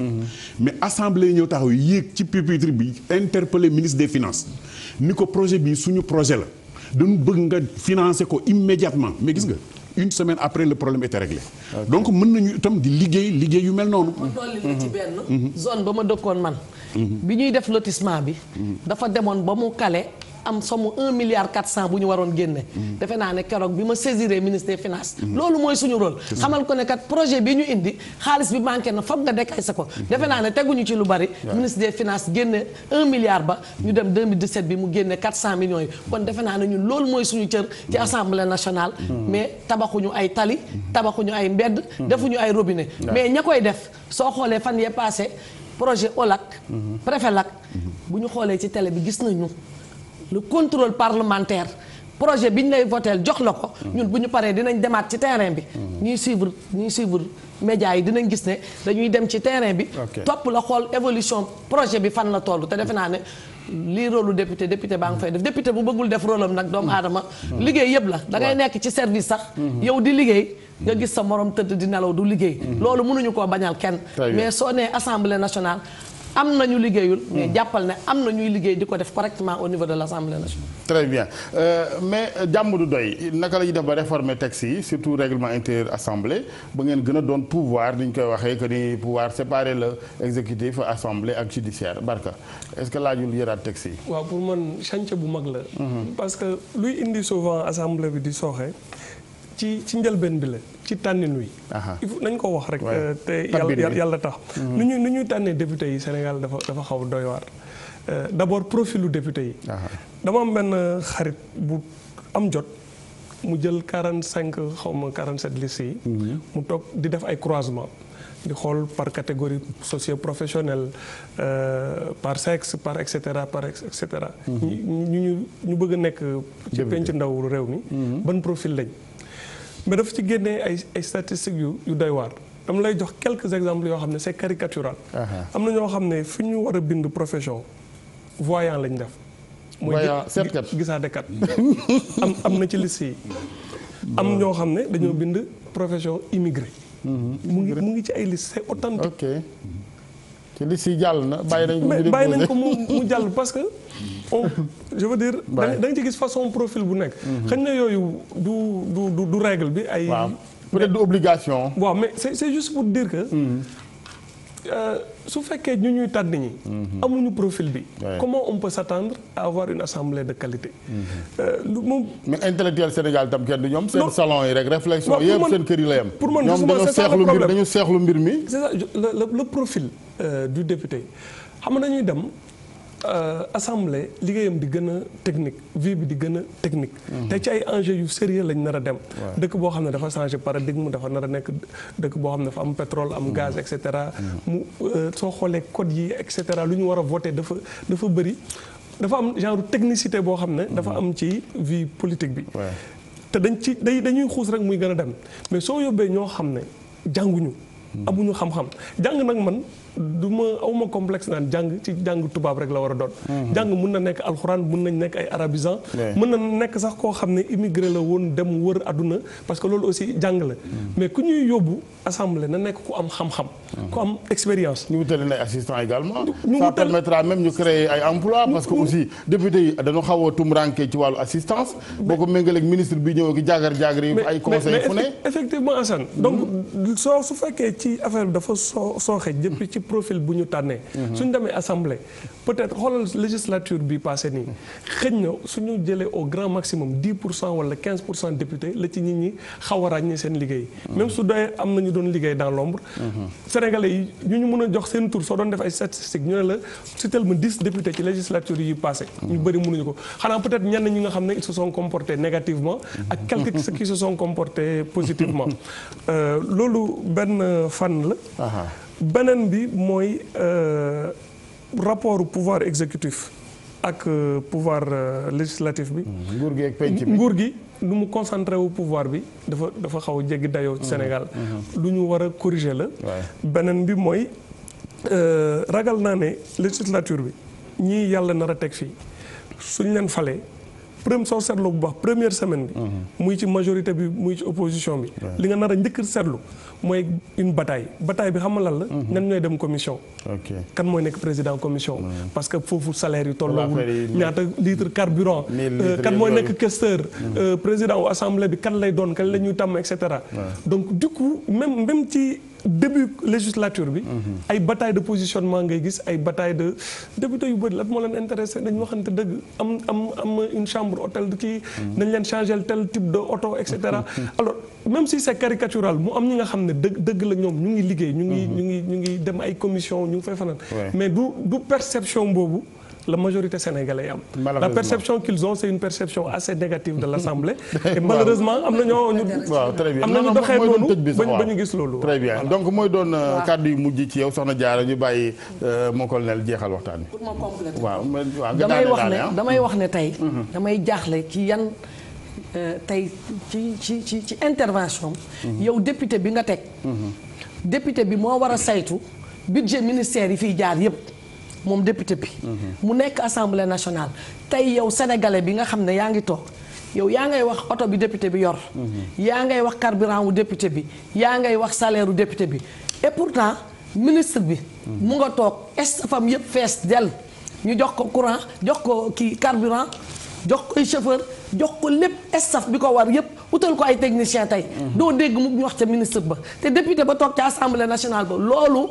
mais assemblée ñëw taxaw yéeg ci pupitre bi interpellé ministre des finances ni ko projet bi suñu projet la. dañu bëgg nga financer ko immédiatement mais gis nga une semaine après le problème était réglé. donc mën nañu itam di liggéey liggéey yu mel noonu. Mhm. zone ba ma dëkkoon man. Mhm. bi ñuy def lotissement bi. Mhm. dafa demoon ba mu kale am somme un milliard quatre cent bu ñu waroon génne defe naa ne keroog bi ma saisiré ministre des loolu mooy suñu rol xamal ko ne kat projet bi ñu indi xaalis bi manqué na foog nga dekay sa ko defe naa ne teguñu ci lu bari ministre des finances génne un milliard ba ñu dem 2017 bi mu génne quatre cent millions yi kon defe naa ne ñun loolu mooy suñu cër ci assemblée nationale mm. mais tabaxuñu ay tali tabaxuñu ay mbedd mm. defuñu ay robine mais ña koy def soo xoolee fan yee passé projet OLAC mm-hmm. préfet LAC mm-hmm. bu ñu xoolee ci télé bi gis nañu le contrôle parlementaire projet bi ñu lay voteel jox la ko. Mm-hmm. ñun bu ñu paree dinañ demaat ci terrain bi. Mm-hmm. ñuy suivre ñuy suivre médias yi dinañ gis ne dañuy dem ci terrain bi. topp la xool évolution projet bi fan la toll te defe naa ne. lii rôle député député baa nga fay def député bu bëggul def rôle am nag doomu mm-hmm. aadama liggéey yëpp la da ngay nekk ci service sax yow di liggéey nga gis sa moroom tëdd di nelaw du liggéey loolu mënuñu ko bañal kenn mais soo nee am na ñu liggéeyul. Hmm. mais jàppal ne am na ñuy liggéey di ko def correctement au niveau de l' assemblée nationale. très bien euh, mais euh, jàmm du doy naka la ñuy def ba réformer texte yi surtout règlement intérieur assemblée ba ngeen gën a doon pouvoir ni ñu koy waxee que ni pouvoir séparer la exécutif assemblée ak judiciaire barka est ce que laajul yëraat texte yi. waaw pour man chantier bu mag la. Hmm. parce que luy indi souvent assemblée bi di sooxe. ci ci njëlbeen bi la ci tànnin wi. il nañ ko wax rek. Euh, te yàlla yàlla tax. Mm-hmm. nu ñuy nu ñuy tànnee député yi Sénégal dafa dafa xaw doy waar. Euh, d'abord profilu député yi. dama am benn xarit bu am jot. mu jël quarante cinq xaw ma quarante sept listes yi. Mm-hmm. mu toog di def ay croisement di xool par catégorie socio-professionnelle euh, par sexe par et cetera par et mm-hmm. ñu ñu ñu bëgg a nekk. ci penc ndaw réew mi. ban profil lañ. mais dafa ci génnee ay ay statistiques yu yu doy dama lay jox quelques exemple yoo xam ne c'est caricatural. Uh-huh. am na ñoo xam ne fi ñu war a bind profession voyant lañ def. voyant seetkat mooy gisaatekat am am na ci liste yi. am ñoo xam ne dañoo bind profession immigré. Mm-hmm. mu ngi mu ngi ci ay liste c'est authentique. ok ci liste yi jàll na bàyyi nañ ko. bàyyi nañ ko mu jàll parce que. je veux dire da nga ci gis façon profil bu nekk. Mhm. xëy na yooyu du du du règle bi ay. peut-être du obligation. waaw mais c'est c'est juste pour dire que. Mhm. Euh, su fekkee ñu ñuy tànn ñi. Mhm. amuñu profil bi. comment on peut s'attendre à avoir une assemblée de qualité. Euh, lu moom. mais intellectuel Sénégal tam kenn du ñoom. seen salon yi rek réflexion yëpp seen kër yi la yem. pour man ñoom dañu seexlu mbir dañu seexlu mbir mi. c'est ça le profil euh, du député xam nga dañuy dem. Euh, assemblée liggéeyam di gën a technique vie bi di gën a technique. Mhm. te ci ay enjeux yu sérieux lañ nar a dem. dëkk boo xam ne dafa changé paradigme dafa nar a nekk dëkk boo xam ne dafa am pétrole am mhm. gaz et cetera. Mhm. mu euh, soo xoolee code yi et cetera lu ñu war a voté dafa dafa bëri dafa am genre technicité boo xam ne. dafa am ci vie politique bi. te dañ ci day dañuy xuus rek muy gën a dem mais soo yóbbee ñoo xam ne jànguñu. amuñu xam-xam jàng nag man. du ma aw ma complexe naan jàng ci jàng tubaab rek la war a doon. Mhm. jàng mun na nekk alxuraan mun nañ nekk ay arabisant. mun na nekk sax koo xam ne immigré la woon dem wër àdduna parce que loolu aussi jàng la. Mhm. mais ku ñuy yóbbu assemblée na nekk ku am mhm. ñu wutale na ay assistant également. ñu ça permettra même ñu créer ay député yi dañoo xaw a tumuraanke ci wàllu assistance. boo ko méngaleeg ministre bi ñëw ak jaagar jaagar yi ay conseil fu ne effectivement Assane donc soo su fekkee ci affaire bi dafa soo sooxe. profil bu ñu tànnee. Mhm. suñ demee assemblée peut-être xoolal législature bi passé nii xëñ na suñu jëlee au grand maximum 10 pour cent wala 15 pour cent député la ci nit ñi xaw a ràññee seen liggéey. Mhm. même su doyee am na ñu doon liggéey dans l'ombre mhm. Sénégalais yi ñu ñu mën a jox seen tur soo doon def ay statistiques ñu ne la si tellement 10 députés ci législature yi passé ñu bëri mënuñu ko xanaa peut-être ñenn ñi nga xam ne ils se sont comportés négativement. ak quelques qui se sont comportés positivement. Euh, loolu benn fan la. beneen bi mooy euh, rapport pouvoir exécutif ak euh, pouvoir euh, législatif bi. Mmh. nguur gi ak penc bi nguur gi lu mu concentré wu pouvoir bi dafa dafa xaw a jéggi dayoo ci mmh. Sénégal. Mmh. lu ñu war a corriger la. beneen bi mooy ragal naa ne législature bi ñii yàlla nar a teg fii suñ leen falee. premier soo seetloo bu baax première semaine bi. Mhm. muy ci majorité bi muy ci opposition bi. li nga nar a njëkk seetlu mooy une bataille bataille bi xam nga lan la. Mhm. ñan ñooy dem commission. kan mooy nekk président commission. parce que foofu salaire yi tolloowul ñaata litre carburant. Euh, kan mooy nekk questeur. Mhm. Euh, président wu assemblée bi kan lay doon kan la ñuy tàmm et cetera. donc du coup même ci. début législature bi. Mhm. ay bataille de positionnement ngay gis ay bataille de député yu bëri la moo leen intéressé dañ waxante dëgg am am am une chambre hôtel du kii. Mhm. dañ leen changé tel type de auto et cetera. alors même si c'est caricatural mu am ñi nga xam ne dëgg la ñoom ñu ngi liggéey. ñu ngi mhm. ñu ngi ñu ngi dem ay commission ñu ngi fay fanaan. mais du du perception boobu. la majorité sénégalais am la perception qu'ils ont c'est une perception assez négative de l'Assemblée et malheureusement am na ñoo ñu am na ñu doxee noonu ba ñu gis loolu très bien donc mooy doon euh, kàddu yu mujj ci yow soxna Diarra ñu bàyyi moo euh, mon colonel jeexal waxtaan bi pour ma compléter waaw damay wax ne ah. damay wax ne tey mm-hmm. damay jaaxle ci yan euh, tey ci ci ci ci intervention mm-hmm. yow député bi nga teg mm-hmm. député bi moo war a saytu budget ministère yi fiy jaar yëpp moom député bi. mu nekk assemblée national tey yow sénégalais bi nga xam ne yaa ngi toog. yow yaa ngay wax oto bi député bi yor. yaa ngay wax carburant wu député bi yaa ngay wax salaire wu député bi et pourtant ministre bi. mu nga toog estafam yëpp fees dell ñu jox ko courant jox ko kii carburant jox ko chauffeur jox ko lépp estaf bi ko war yëpp utal ko ay technicien tey. doo dégg mu ñu wax ca ministre ba te député ba toog ca assemblée national ba loolu.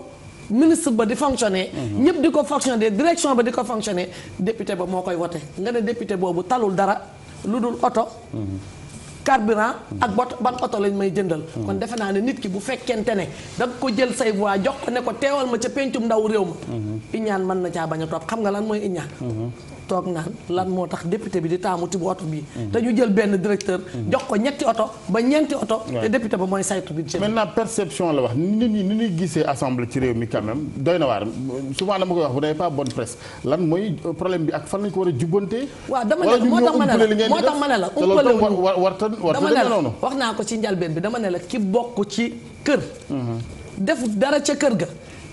ministre ba di fonctionner. Mhm. ñëpp di ko fonctionner direction ba di ko fonctionner député ba moo koy wote nga ne député boobu talul dara lu dul oto. Mhm. carburant ak mhm. bot ban oto lañ may jëndal kon defe naa ne nit ki bu fekkente ne da nga ko jël say voix jox ko ne ko teewal ma ca pencum ndaw réew ma iñaan mën na caa bañ a topp xam nga lan mooy iñaan toog naan lan moo tax député bi di taamu tibb oto bi te ñu jël benn directeur jox ko ñetti oto ba ñeenti oto te député ba mooy saytu bi maintenant perception la wax nit ñi ni ñuy gisee assemblée ci réew mi quand même doy na waar souvent dama koy wax bu dee pas ak fan lañ ko war a jubbante waaw dama la moo ma ne la umpale warta warta wax naa ko ci njalbeen bi dama ne la ki bokk ci kër mhm. defut dara ca kër ga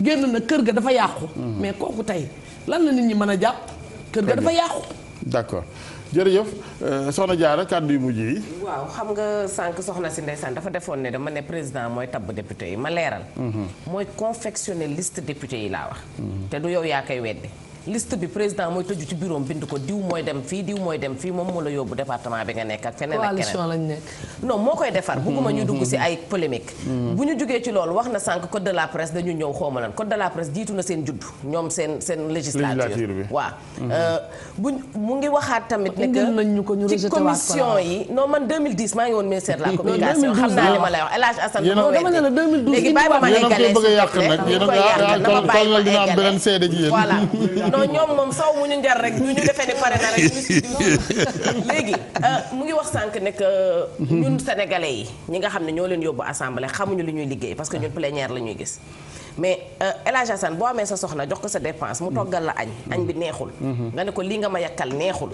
génn na kër ga dafa yàqu mhm. mais kooku tey lan la nit ñi mën a jàpp kër ga dafa yàqu. d'accord jërëjëf euh, soxna Diarra kàddu yi mujj yi. waaw xam nga sànq soxna si ndeysaan dafa defoon ne dama ne président mooy tabb député yi ma leeral. Mhm. mooy confectionner liste député yi laa wax. Mhm. te du yow yaa koy weddi. liste bi président mooy tëju ci bureau bind ko diw mooy dem fii diw mooy dem fii moom moo la yóbbu département bi nga nekk ak feneen ak keneen lañ nekk non moo koy defar bugguma ñu dugg si mm-hmm. ay polémique mm-hmm. bu ñu jógee ci loolu wax na sànq code de la presse dañu ñëw xawma lan code de la presse jiitu na seen judd ñoom seen seen législature bi waaw mm-hmm. euh, buñ mu ngi waxaat tamit ne que ci commission yi non man 2010 maa ngi woon ministère de la communication xam naa li ma lay wax El Hadj Assane léegi bàyyi ba ma eggalee yéen a ngi koy yàq dama bàyyi ba eggalee voilà non ñoom moom saw mu ñu njar rek ñu ñu defee ne pare na rek léegi euh, mu ngi wax sànq ne que euh, ñun sénégalais yi ñi nga xam ne ñoo leen yóbbu assemblée xamuñu li ñuy liggéey parce que ñun plénière la ñuy gis mais euh, El Hadj boo amee sa soxna jox ko sa dépense mu toggal la añ añ bi neexul mm-hmm. nga ne ko lii nga ma yàkkal neexul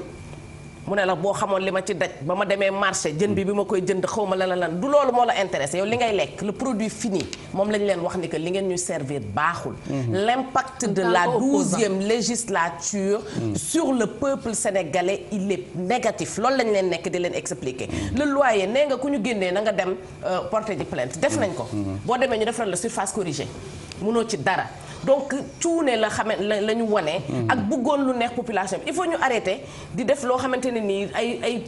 mu ne la boo xamoon li ma ci daj ba ma demee marché jën bi bi ma koy jënd xaw ma la la lan du loolu moo la intéressé yow li ngay lekk le produit fini moom lañ leen wax ni que li ngeen ñu servir baaxul mhm. l'impact de la douzième législature mhm. sur le peuple sénégalais il est négatif loolu lañ leen nekk di leen expliquer mhm. le loyer nee nga ku ñu génnee na nga dem euh, porter di plainte def nañ ko boo demee ñu defal la surface corrigée mënoo ci dara donc tuune la xamante la ñu wane. Hmm. ak bëggoon lu neex population bi il faut ñu arrêter di def loo xamante ne nii ay ay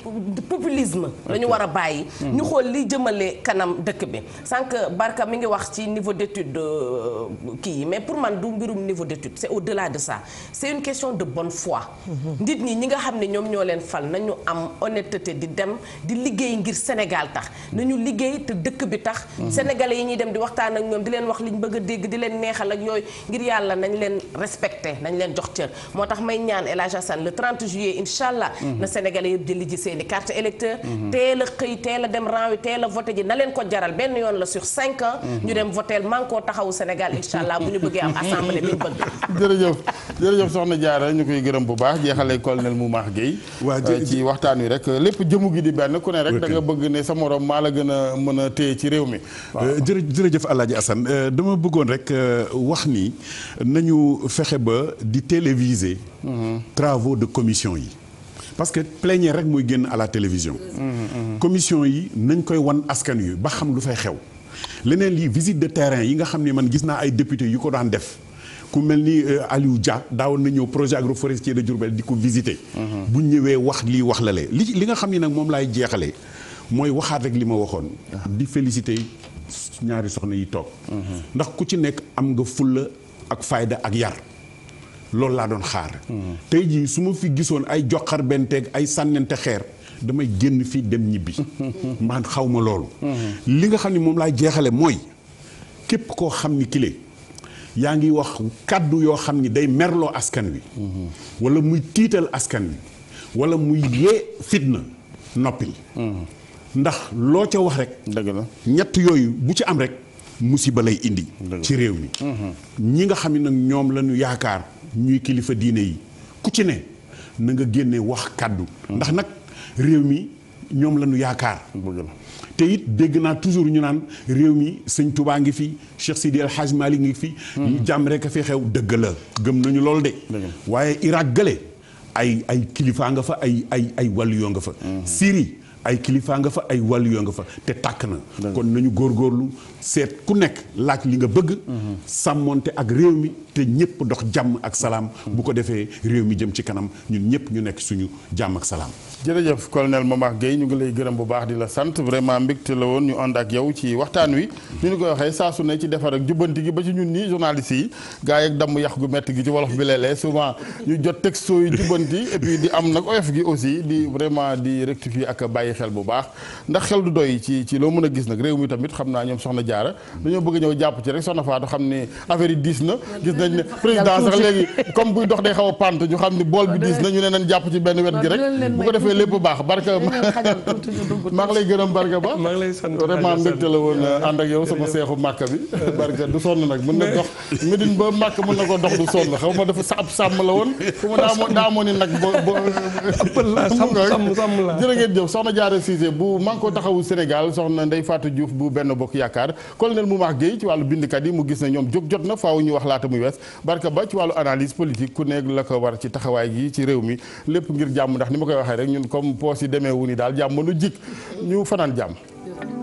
populisme. la ñu war a bàyyi. Hmm. ñu xool li jëmale kanam dëkk bi sànq Barka mi ngi wax ci niveau d'étude euh, kii yi mais pour man du mbirum niveau d'étude c'est au-delà de ça c'est une question de bonne foi. Hmm. nit ñi ñi nga xam ne ñoom ñoo leen fal nañu am honnêteté di dem di liggéey ngir Sénégal tax nañu liggéey te dëkk bi tax. Sénégalais yi ñuy dem di waxtaan ak ñoom di leen wax liñ bëgg dégg di leen ak yooyu. ngir yàlla nañ leen respecté nañ leen jox cër moo tax may ñaan El Hadj Assane le 30 juillet incha allah. Mhm. na Sénégalais yëpp jëli ji seen i carte électeur mhm. teel a xëy teel a dem rang wi teel a voté ji na leen ko jaral benn yoon la sur 5 ans. Mhm. ñu dem voté man koo taxawu Sénégal incha allah bu ñu bëggee am assemblée bi ñu bëgg. jërëjëf jërëjëf soxna Diarra ñu koy gërëm bu baax jeexalee colonel Moumar Gueye. waa euh, ci waxtaan wi rek lépp jëmu gi di benn ku ne da nga bëgg ne sa morom maa la gën a mën a téye ci réew mi. Euh, jërëjëf Alaaji Assane euh, dama bëggoon rek wax ni nañu fexe ba di téléviser. Mhm. travaux de commission yi. parce que plénière rek mooy génn à la télévision. Mhm, mhm. commission yi nañ koy wan askan yu ba xam lu fay xew. leneen li visite de terrain yi nga xam ni man gis naa ay député yu ko daan def. ku mel ni euh, Aliou Dia daawoon na ñëw projet agroforestier de Diourbel di ko visiter. bu ñëwee wax lii wax lale lee li nga xam ne nag moom laay jeexalee mooy waxaat rek li ma waxoon. Ah. di féliciter ñaari soxna yi toog. ndax ku ci nekk am ak fayda ak yar loolu laa doon xaar. tey jii su ma fi gisoon ay joxar benteeg ay sànnente xeer damay génn fii dem ñibbi. man xaw ma loolu. li nga xam ne moom laay jeexale mooy képp koo xam ni kile yaa ngi wax kàddu yoo xam ni day merloo askan wi. Mm-hmm. wala muy tiital askan wi wala muy yee fitna noppil. Mm-hmm. ndax loo ca wax rek. dëgg la ñett yooyu bu ci am rek. musiba lay indi. ci réew mi. ñi nga xam ne nag ñoom lañu yaakaar ñuy kilifa diine yi ku ci ne na nga génne wax kàddu. ndax nag réew mi ñoom la ñu yaakaar. te it dégg naa toujours ñu naan réew mi sëñ Touba ngi fi Cheikh Sidi El Hadj Malick ngi fi. Hmm. jàmm rek a fi xew dëgg la gëm nañu lool de. waaye Irak gële ay ay kilifa nga fa ay ay ay wàllu yoo nga fa. Hmm. Syrie. ay kilifaa nga fa ay wàllu yoo nga fa te tàkk na kon nañu góorgóorlu seet ku nekk laaj li nga bëgg mhm. sàmmonte ak réew mi te ñëpp dox jàmm ak salaam. bu ko defee réew mi jëm ci kanam ñun ñëpp ñu nekk suñu jàmm ak salaam. jërëjëf colonel Momar Gueye ñu ngi lay gërëm bu baax di la sant vraiment mbégte la woon ñu ànd ak yow ci waxtaan wi. ni ñu koy waxee saa na ci defar ak jubbanti gi ba ci ñun nii journaliste yi gars yeeg damm yàq gu métti gi ci wolof bi léeg-léeg souvent ñu jot texto yi jubbanti et puis di am nag oyof gi aussi di vraiment di rectifier ak bàyyi xel bu baax ndax xel du doy ci ci loo mën a gis nag réew mi tamit xam naa ñoom soxna jaara dañoo bëgg ñëw jàpp ci rek soxna nañ ne président sax léegi comme buy xaw a pant ñu bool bi na ñu ne nañ jàpp ci benn wet gi rek bu ko defee lépp baax barka maa ngi lay gërëm ba maa ngi la woon ànd ak yow sama seexu màkk bi barka du sonn nag mën na dox Médine ba màkk mën na ko dox du sonn xaw ma dafa ab sàmm la woon fu ma daa daa moo ni nag bo bo jërë ngeen jëf soxna Diarra Cissé bu Manko Taxawu Sénégal soxna Ndeye Fatou Diouf bu benn bokk yaakaar colonel Moumar Gueye ci wàllu bindkat yi mu gis ne ñoom jóg jot na faaw ñu wax laata muy wees def barka ba ci wàllu analyse politique ku nekk la ko war ci taxawaay gi ci réew mi lépp ngir jàmm ndax ni ma koy waxee rek ñun comme poos yi demeewu ni daal jàmm nu jik ñu fanaan jàmm